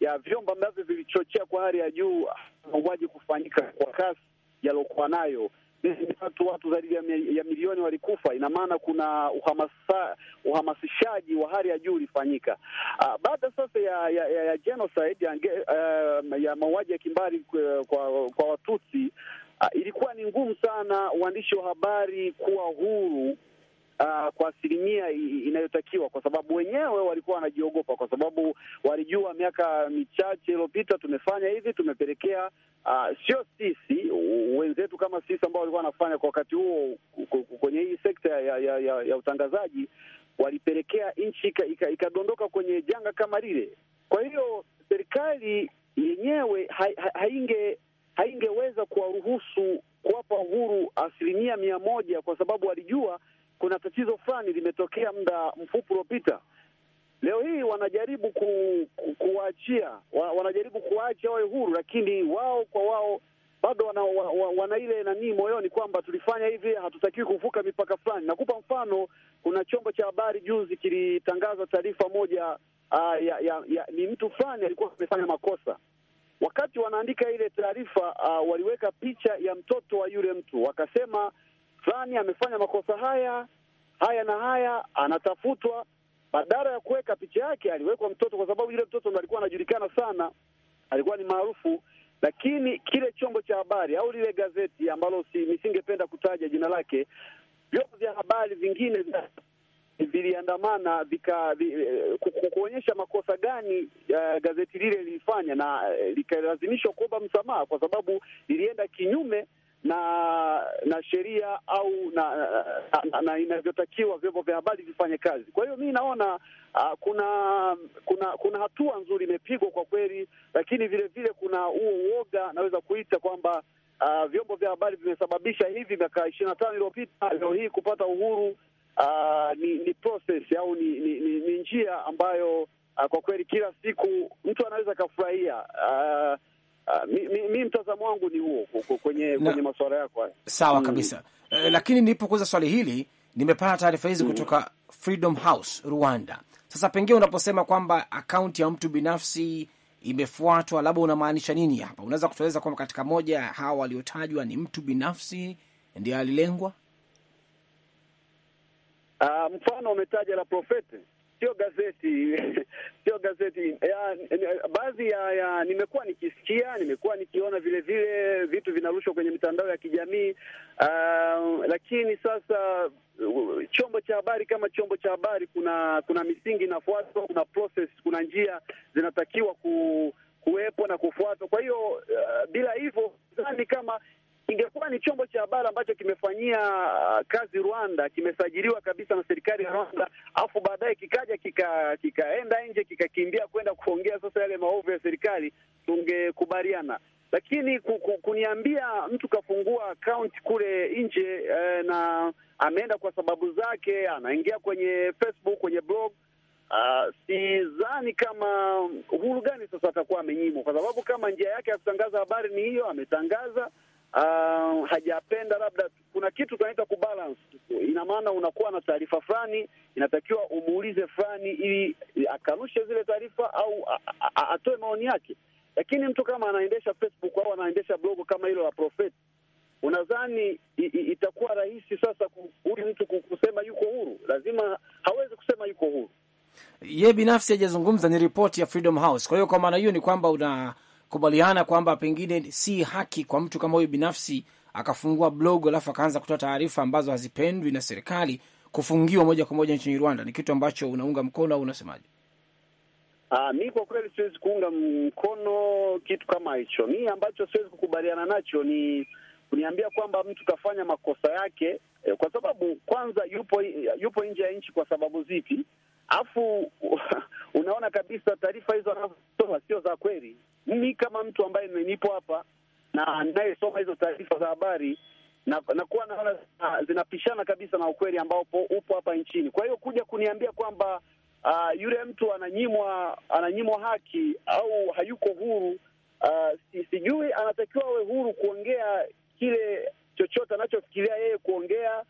ya vyombo ambavyo vilichochea kwa hali ya juu mauaji kufanyika kwa kasi yaliokuwa nayo watu watu zaidi ya, ya milioni walikufa. Ina maana kuna uhamasa, uhamasishaji wa hali ya juu ulifanyika. Uh, baada sasa ya ya, ya, ya genocide ya, uh, ya mauaji ya kimbari kwa, kwa, kwa Watutsi uh, ilikuwa ni ngumu sana uandishi wa habari kuwa huru uh, kwa asilimia inayotakiwa, kwa sababu wenyewe walikuwa wanajiogopa, kwa sababu walijua miaka michache iliyopita tumefanya hivi, tumepelekea uh, sio sisi wenzetu kama sisi ambao walikuwa wanafanya kwa wakati huo kwenye hii sekta ya, ya, ya, ya utangazaji walipelekea nchi ikadondoka ika kwenye janga kama lile. Kwa hiyo serikali yenyewe hainge haingeweza kuwaruhusu kuwapa uhuru asilimia mia moja kwa sababu walijua kuna tatizo fulani limetokea muda mfupi uliopita. Leo hii wanajaribu ku, ku, kuwaachia wa, wanajaribu kuwaacha wawe huru, lakini wao kwa wao bado wana, wa, wa, wana ile nanii moyoni kwamba tulifanya hivi, hatutakiwi kuvuka mipaka fulani. Nakupa mfano, kuna chombo cha habari juzi kilitangaza taarifa moja uh, ya, ya, ya, ni mtu fulani alikuwa amefanya makosa. Wakati wanaandika ile taarifa uh, waliweka picha ya mtoto wa yule mtu, wakasema fulani amefanya makosa haya haya na haya, anatafutwa. Badala ya kuweka picha yake, aliwekwa mtoto, kwa sababu yule mtoto ndo alikuwa anajulikana sana, alikuwa ni maarufu. Lakini kile chombo cha habari au lile gazeti ambalo si, nisingependa kutaja jina lake, vyombo vya habari vingine viliandamana vika vi, eh, kuonyesha makosa gani uh, gazeti lile lilifanya na uh, eh, likalazimishwa kuomba msamaha kwa sababu lilienda kinyume na na sheria au na, na, na, na inavyotakiwa vyombo vya habari vifanye kazi. Kwa hiyo mi naona uh, kuna kuna kuna hatua nzuri imepigwa kwa kweli, lakini vile vile kuna huo uoga naweza kuita kwamba uh, vyombo vya habari vimesababisha hivi miaka ishirini na tano iliyopita leo hii kupata uhuru uh, ni, ni process au ni, ni, ni, ni njia ambayo uh, kwa kweli kila siku mtu anaweza akafurahia uh, Ah, mi, mi, mi mtazamo wangu ni huo kwenye, kwenye masuala yako haya. Sawa mm. kabisa mm. E, lakini nilipokuuza swali hili nimepata taarifa hizi mm. kutoka Freedom House Rwanda. Sasa pengine unaposema kwamba akaunti ya mtu binafsi imefuatwa, labda unamaanisha nini hapa? Unaweza kutueleza kwamba katika moja ya hawa waliotajwa ni mtu binafsi ndiye alilengwa? Uh, mfano umetaja la Profete sio gazeti sio gazeti. Baadhi ya, ya nimekuwa nikisikia, nimekuwa nikiona vile vile vitu vinarushwa kwenye mitandao ya kijamii uh, lakini sasa chombo cha habari kama chombo cha habari, kuna kuna misingi inafuatwa, kuna process, kuna njia zinatakiwa ku kuwepo na kufuatwa. Kwa hiyo uh, bila hivyo, sidhani kama ingekuwa ni chombo cha habari ambacho kimefanyia uh, kazi Rwanda, kimesajiliwa kabisa na serikali ya Rwanda, afu baadaye kikaja kikaenda kika nje kikakimbia kwenda kuongea sasa yale maovu ya serikali, tungekubaliana lakini kuniambia mtu kafungua akaunti kule nje e, na ameenda kwa sababu zake, anaingia kwenye Facebook, kwenye blog uh, sidhani kama uhuru gani sasa atakuwa amenyimwa, kwa sababu kama njia yake ya kutangaza habari ni hiyo, ametangaza uh, hajapenda labda, kuna kitu tunaita kubalance. Ina maana unakuwa na taarifa fulani, inatakiwa umuulize fulani ili akarushe zile taarifa au atoe maoni yake, lakini mtu kama anaendesha Facebook au anaendesha blogo kama hilo la Prophet, unadhani itakuwa rahisi sasa huyu mtu kusema yuko huru? Lazima hawezi kusema yuko huru. Ye binafsi hajazungumza, ni ripoti ya Freedom House. Kwa hiyo kwa maana hiyo ni kwamba una kubaliana kwamba pengine si haki kwa mtu kama huyu binafsi akafungua blog alafu akaanza kutoa taarifa ambazo hazipendwi na serikali kufungiwa moja kwa moja nchini Rwanda ni kitu ambacho unaunga mkono au unasemaje? Ah, mi kwa kweli siwezi kuunga mkono kitu kama hicho. Mi ambacho siwezi kukubaliana nacho ni kuniambia kwamba mtu kafanya makosa yake eh, kwa sababu kwanza yupo yupo nje ya nchi. Kwa sababu zipi? Alafu unaona kabisa taarifa hizo anazotoa sio za kweli mimi kama mtu ambaye nipo hapa na ninayesoma hizo taarifa za habari na nakuwa naona zinapishana kabisa na ukweli ambao upo hapa nchini. Kwa hiyo kuja kuniambia kwamba uh, yule mtu ananyimwa ananyimwa haki au hayuko huru uh, si, sijui anatakiwa awe huru kuongea kile chochote anachofikiria yeye kuongea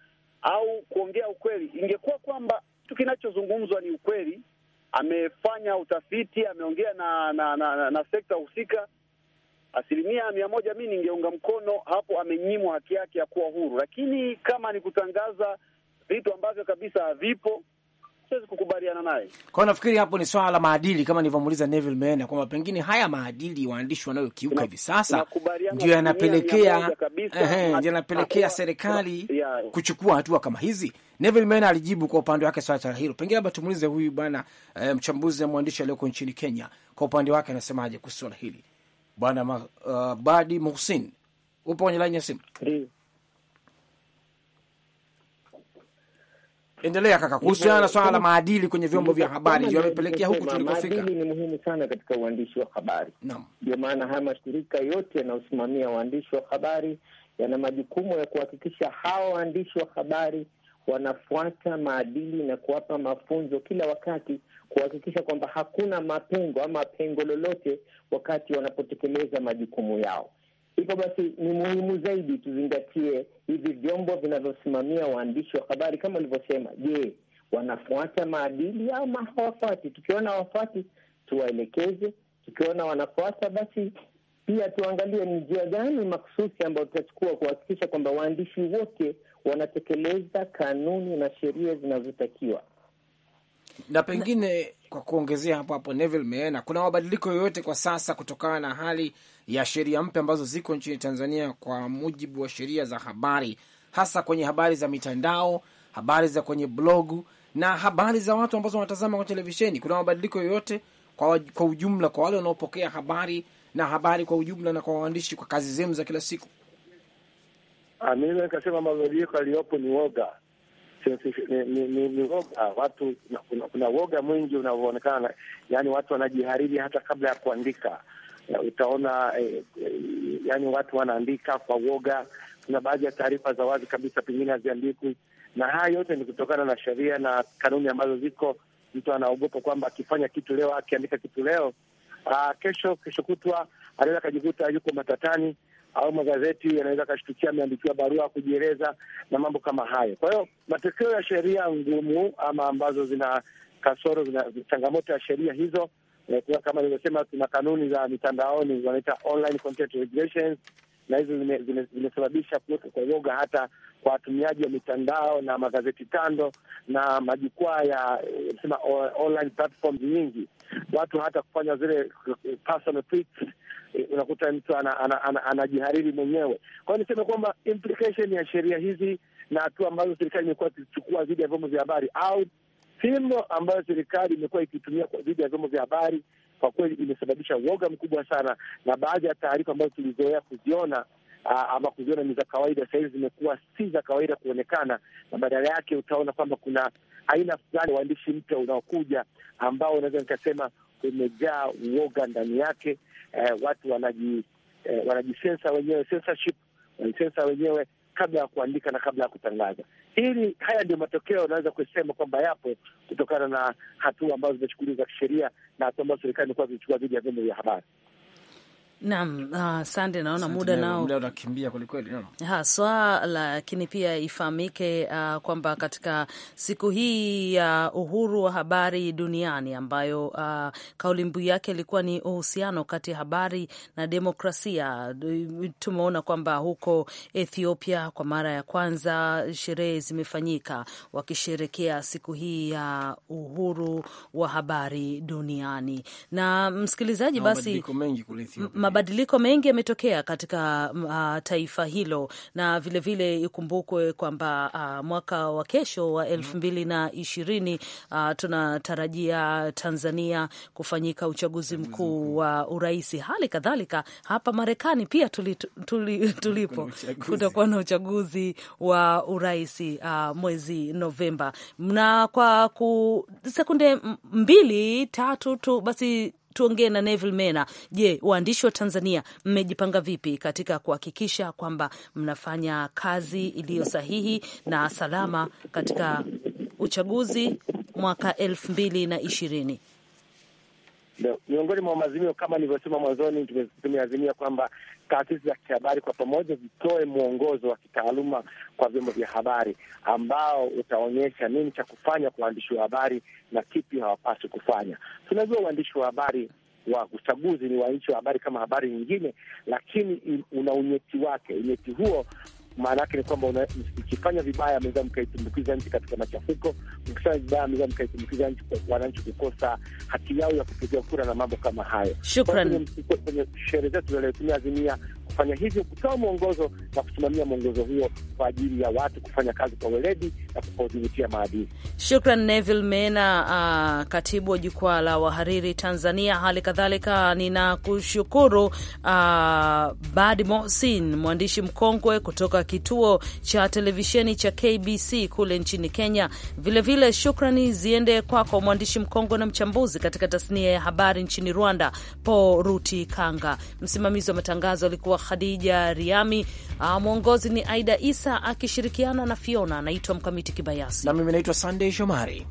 au kuongea ukweli. Ingekuwa kwamba kitu kinachozungumzwa ni ukweli amefanya utafiti, ameongea na na, na, na, na sekta husika. Asilimia mia moja mi ningeunga mkono hapo, amenyimwa haki yake ya kuwa huru, lakini kama ni kutangaza vitu ambavyo kabisa havipo siwezi kukubaliana naye. Kwa nafikiri hapo ni swala la maadili, kama nilivyomuuliza Neville Mena kwamba pengine haya maadili waandishi wanayokiuka hivi sasa ndio yanapelekea ndio yanapelekea serikali kuchukua hatua kama hizi. Neville Mena alijibu kwa upande wake swala hilo, pengine labda tumuulize huyu bwana eh, mchambuzi na mwandishi aliyoko nchini Kenya, kwa upande wake anasemaje kuhusu swala hili. Bwana uh, Badi Muhsin, upo kwenye laini ya simu? Endelea kaka, kuhusiana na swala la maadili kwenye vyombo vya habari ndio amepelekea huku tulikofika. Maadili ni muhimu sana katika uandishi wa habari, ndio maana haya mashirika yote yanayosimamia waandishi wa habari yana majukumu ya kuhakikisha hawa waandishi wa habari wanafuata maadili na kuwapa mafunzo kila wakati, kuhakikisha kwamba hakuna mapengo ama pengo lolote wakati wanapotekeleza majukumu yao. Hivyo basi ni muhimu zaidi tuzingatie hivi vyombo vinavyosimamia waandishi wa habari kama ulivyosema. Je, wanafuata maadili ama hawafuati? Tukiona hawafuati, tuwaelekeze. Tukiona wanafuata, basi pia tuangalie ni njia gani makususi ambayo tutachukua kuhakikisha kwamba waandishi wote wanatekeleza kanuni na sheria zinazotakiwa. Na pengine kwa kuongezea hapo hapo Neville Meena, kuna mabadiliko yoyote kwa sasa kutokana na hali ya sheria mpya ambazo ziko nchini Tanzania kwa mujibu wa sheria za habari, hasa kwenye habari za mitandao, habari za kwenye blogu na habari za watu ambazo wanatazama kwa televisheni? Kuna mabadiliko yoyote kwa, kwa ujumla kwa wale wanaopokea habari na habari kwa ujumla na kwa waandishi kwa kazi zenu za kila siku? Ah, mimi nikasema mabadiliko aliyopo ni woga ni woga watu. Kuna woga mwingi unavyoonekana, yani watu wanajihariri hata kabla ya kuandika. Utaona eh, eh yani watu wanaandika kwa woga. Kuna baadhi ya taarifa za wazi kabisa pengine haziandikwi, na haya yote ni kutokana na sheria na kanuni ambazo ziko. Mtu anaogopa kwamba akifanya kitu leo, akiandika kitu leo, aa, ah, kesho kesho kutwa anaweza akajikuta yuko matatani au magazeti yanaweza akashtukia ameandikiwa barua ya kujieleza na mambo kama hayo. Kwa hiyo matokeo ya sheria ngumu ama ambazo zina kasoro, zina changamoto ya sheria hizo eh, kama nilivyosema, tuna kanuni za mitandaoni wanaita online content regulations, na hizo zimesababisha kuweka kwa woga hata kwa watumiaji wa mitandao na magazeti kando na majukwaa ya eh, sema online platforms nyingi watu hata kufanya zile eh, personal tweets, eh, unakuta mtu anajihariri mwenyewe. Kwa hiyo niseme kwamba implication ya sheria hizi na hatua ambazo serikali imekuwa ikichukua dhidi ya vyombo vya habari au simu ambayo serikali imekuwa ikitumia dhidi ya vyombo vya habari, kwa kweli imesababisha uoga mkubwa sana, na baadhi ya taarifa ambazo tulizoea kuziona aa, ah, ama kuziona ni za kawaida, sahizi zimekuwa si za kawaida kuonekana, na badala yake utaona kwamba kuna aina fulani waandishi mpya unaokuja ambao unaweza nikasema umejaa uoga ndani yake. Eh, watu wanaji eh, wanajisensa wenyewe, censorship wanajisensa wenyewe kabla ya kuandika na kabla ya kutangaza. Hili haya ndio matokeo unaweza kusema kwamba yapo kutokana na hatua ambazo zimechukuliwa za kisheria na hatua ambazo serikali imekuwa zimechukua dhidi ya vyombo vya habari. Naam, ah, asante. Uh, naona muda nao unakimbia kwelikweli haswa, lakini pia ifahamike uh, kwamba katika siku hii ya uh, uhuru wa habari duniani ambayo uh, kauli mbiu yake ilikuwa ni uhusiano kati ya habari na demokrasia, tumeona kwamba huko Ethiopia kwa mara ya kwanza sherehe zimefanyika wakisherekea siku hii ya uh, uhuru wa habari duniani. Na msikilizaji, basi mengi kule Ethiopia mabadiliko mengi yametokea katika uh, taifa hilo, na vilevile ikumbukwe kwamba uh, mwaka wa kesho wa mm-hmm. elfu mbili na ishirini uh, tunatarajia Tanzania kufanyika uchaguzi mkuu wa uh, uraisi. Hali kadhalika hapa Marekani pia tuli, tuli, tulipo kutakuwa na uchaguzi wa urais uh, mwezi Novemba, na kwa ku sekunde mbili tatu tu basi tuongee na Neville Mena. Je, waandishi wa Tanzania mmejipanga vipi katika kuhakikisha kwamba mnafanya kazi iliyo sahihi na salama katika uchaguzi mwaka elfu mbili na ishirini? Miongoni mwa maazimio kama nilivyosema mwanzoni, tumeazimia kwamba taasisi za kihabari kwa pamoja zitoe mwongozo wa kitaaluma kwa vyombo vya habari ambao utaonyesha nini cha kufanya kwa waandishi wa habari na kipi hawapaswi kufanya. Tunajua uandishi wa habari wa uchaguzi ni waandishi wa habari kama habari nyingine, lakini una unyeti wake. Unyeti huo maana yake ni kwamba ukifanya vibaya mnaweza mkaitumbukiza nchi katika machafuko, mkifanya vibaya mnaweza mkaitumbukiza nchi, wananchi kukosa haki yao ya kupiga kura na mambo kama hayo. Shukrani. Kwenye sherehe zetu tunaitumia azimia kufanya hivyo, kutoa mwongozo na kusimamia mwongozo huo kwa ajili ya watu kufanya kazi kwa weledi na kuwadhibitia maadili. Shukran Neville Mena, uh, katibu wa jukwaa la wahariri Tanzania. Hali kadhalika ninakushukuru uh, Bad Mosin, mwandishi mkongwe kutoka kituo cha televisheni cha KBC kule nchini Kenya. Vilevile vile, shukrani ziende kwako kwa mwandishi mkongwe na mchambuzi katika tasnia ya habari nchini Rwanda, Paul Ruti Kanga. Msimamizi wa matangazo alikuwa Khadija Riami. Uh, mwongozi ni Aida Isa akishirikiana na Fiona, anaitwa Mkamiti Kibayasi na mimi naitwa Sandey Shomari.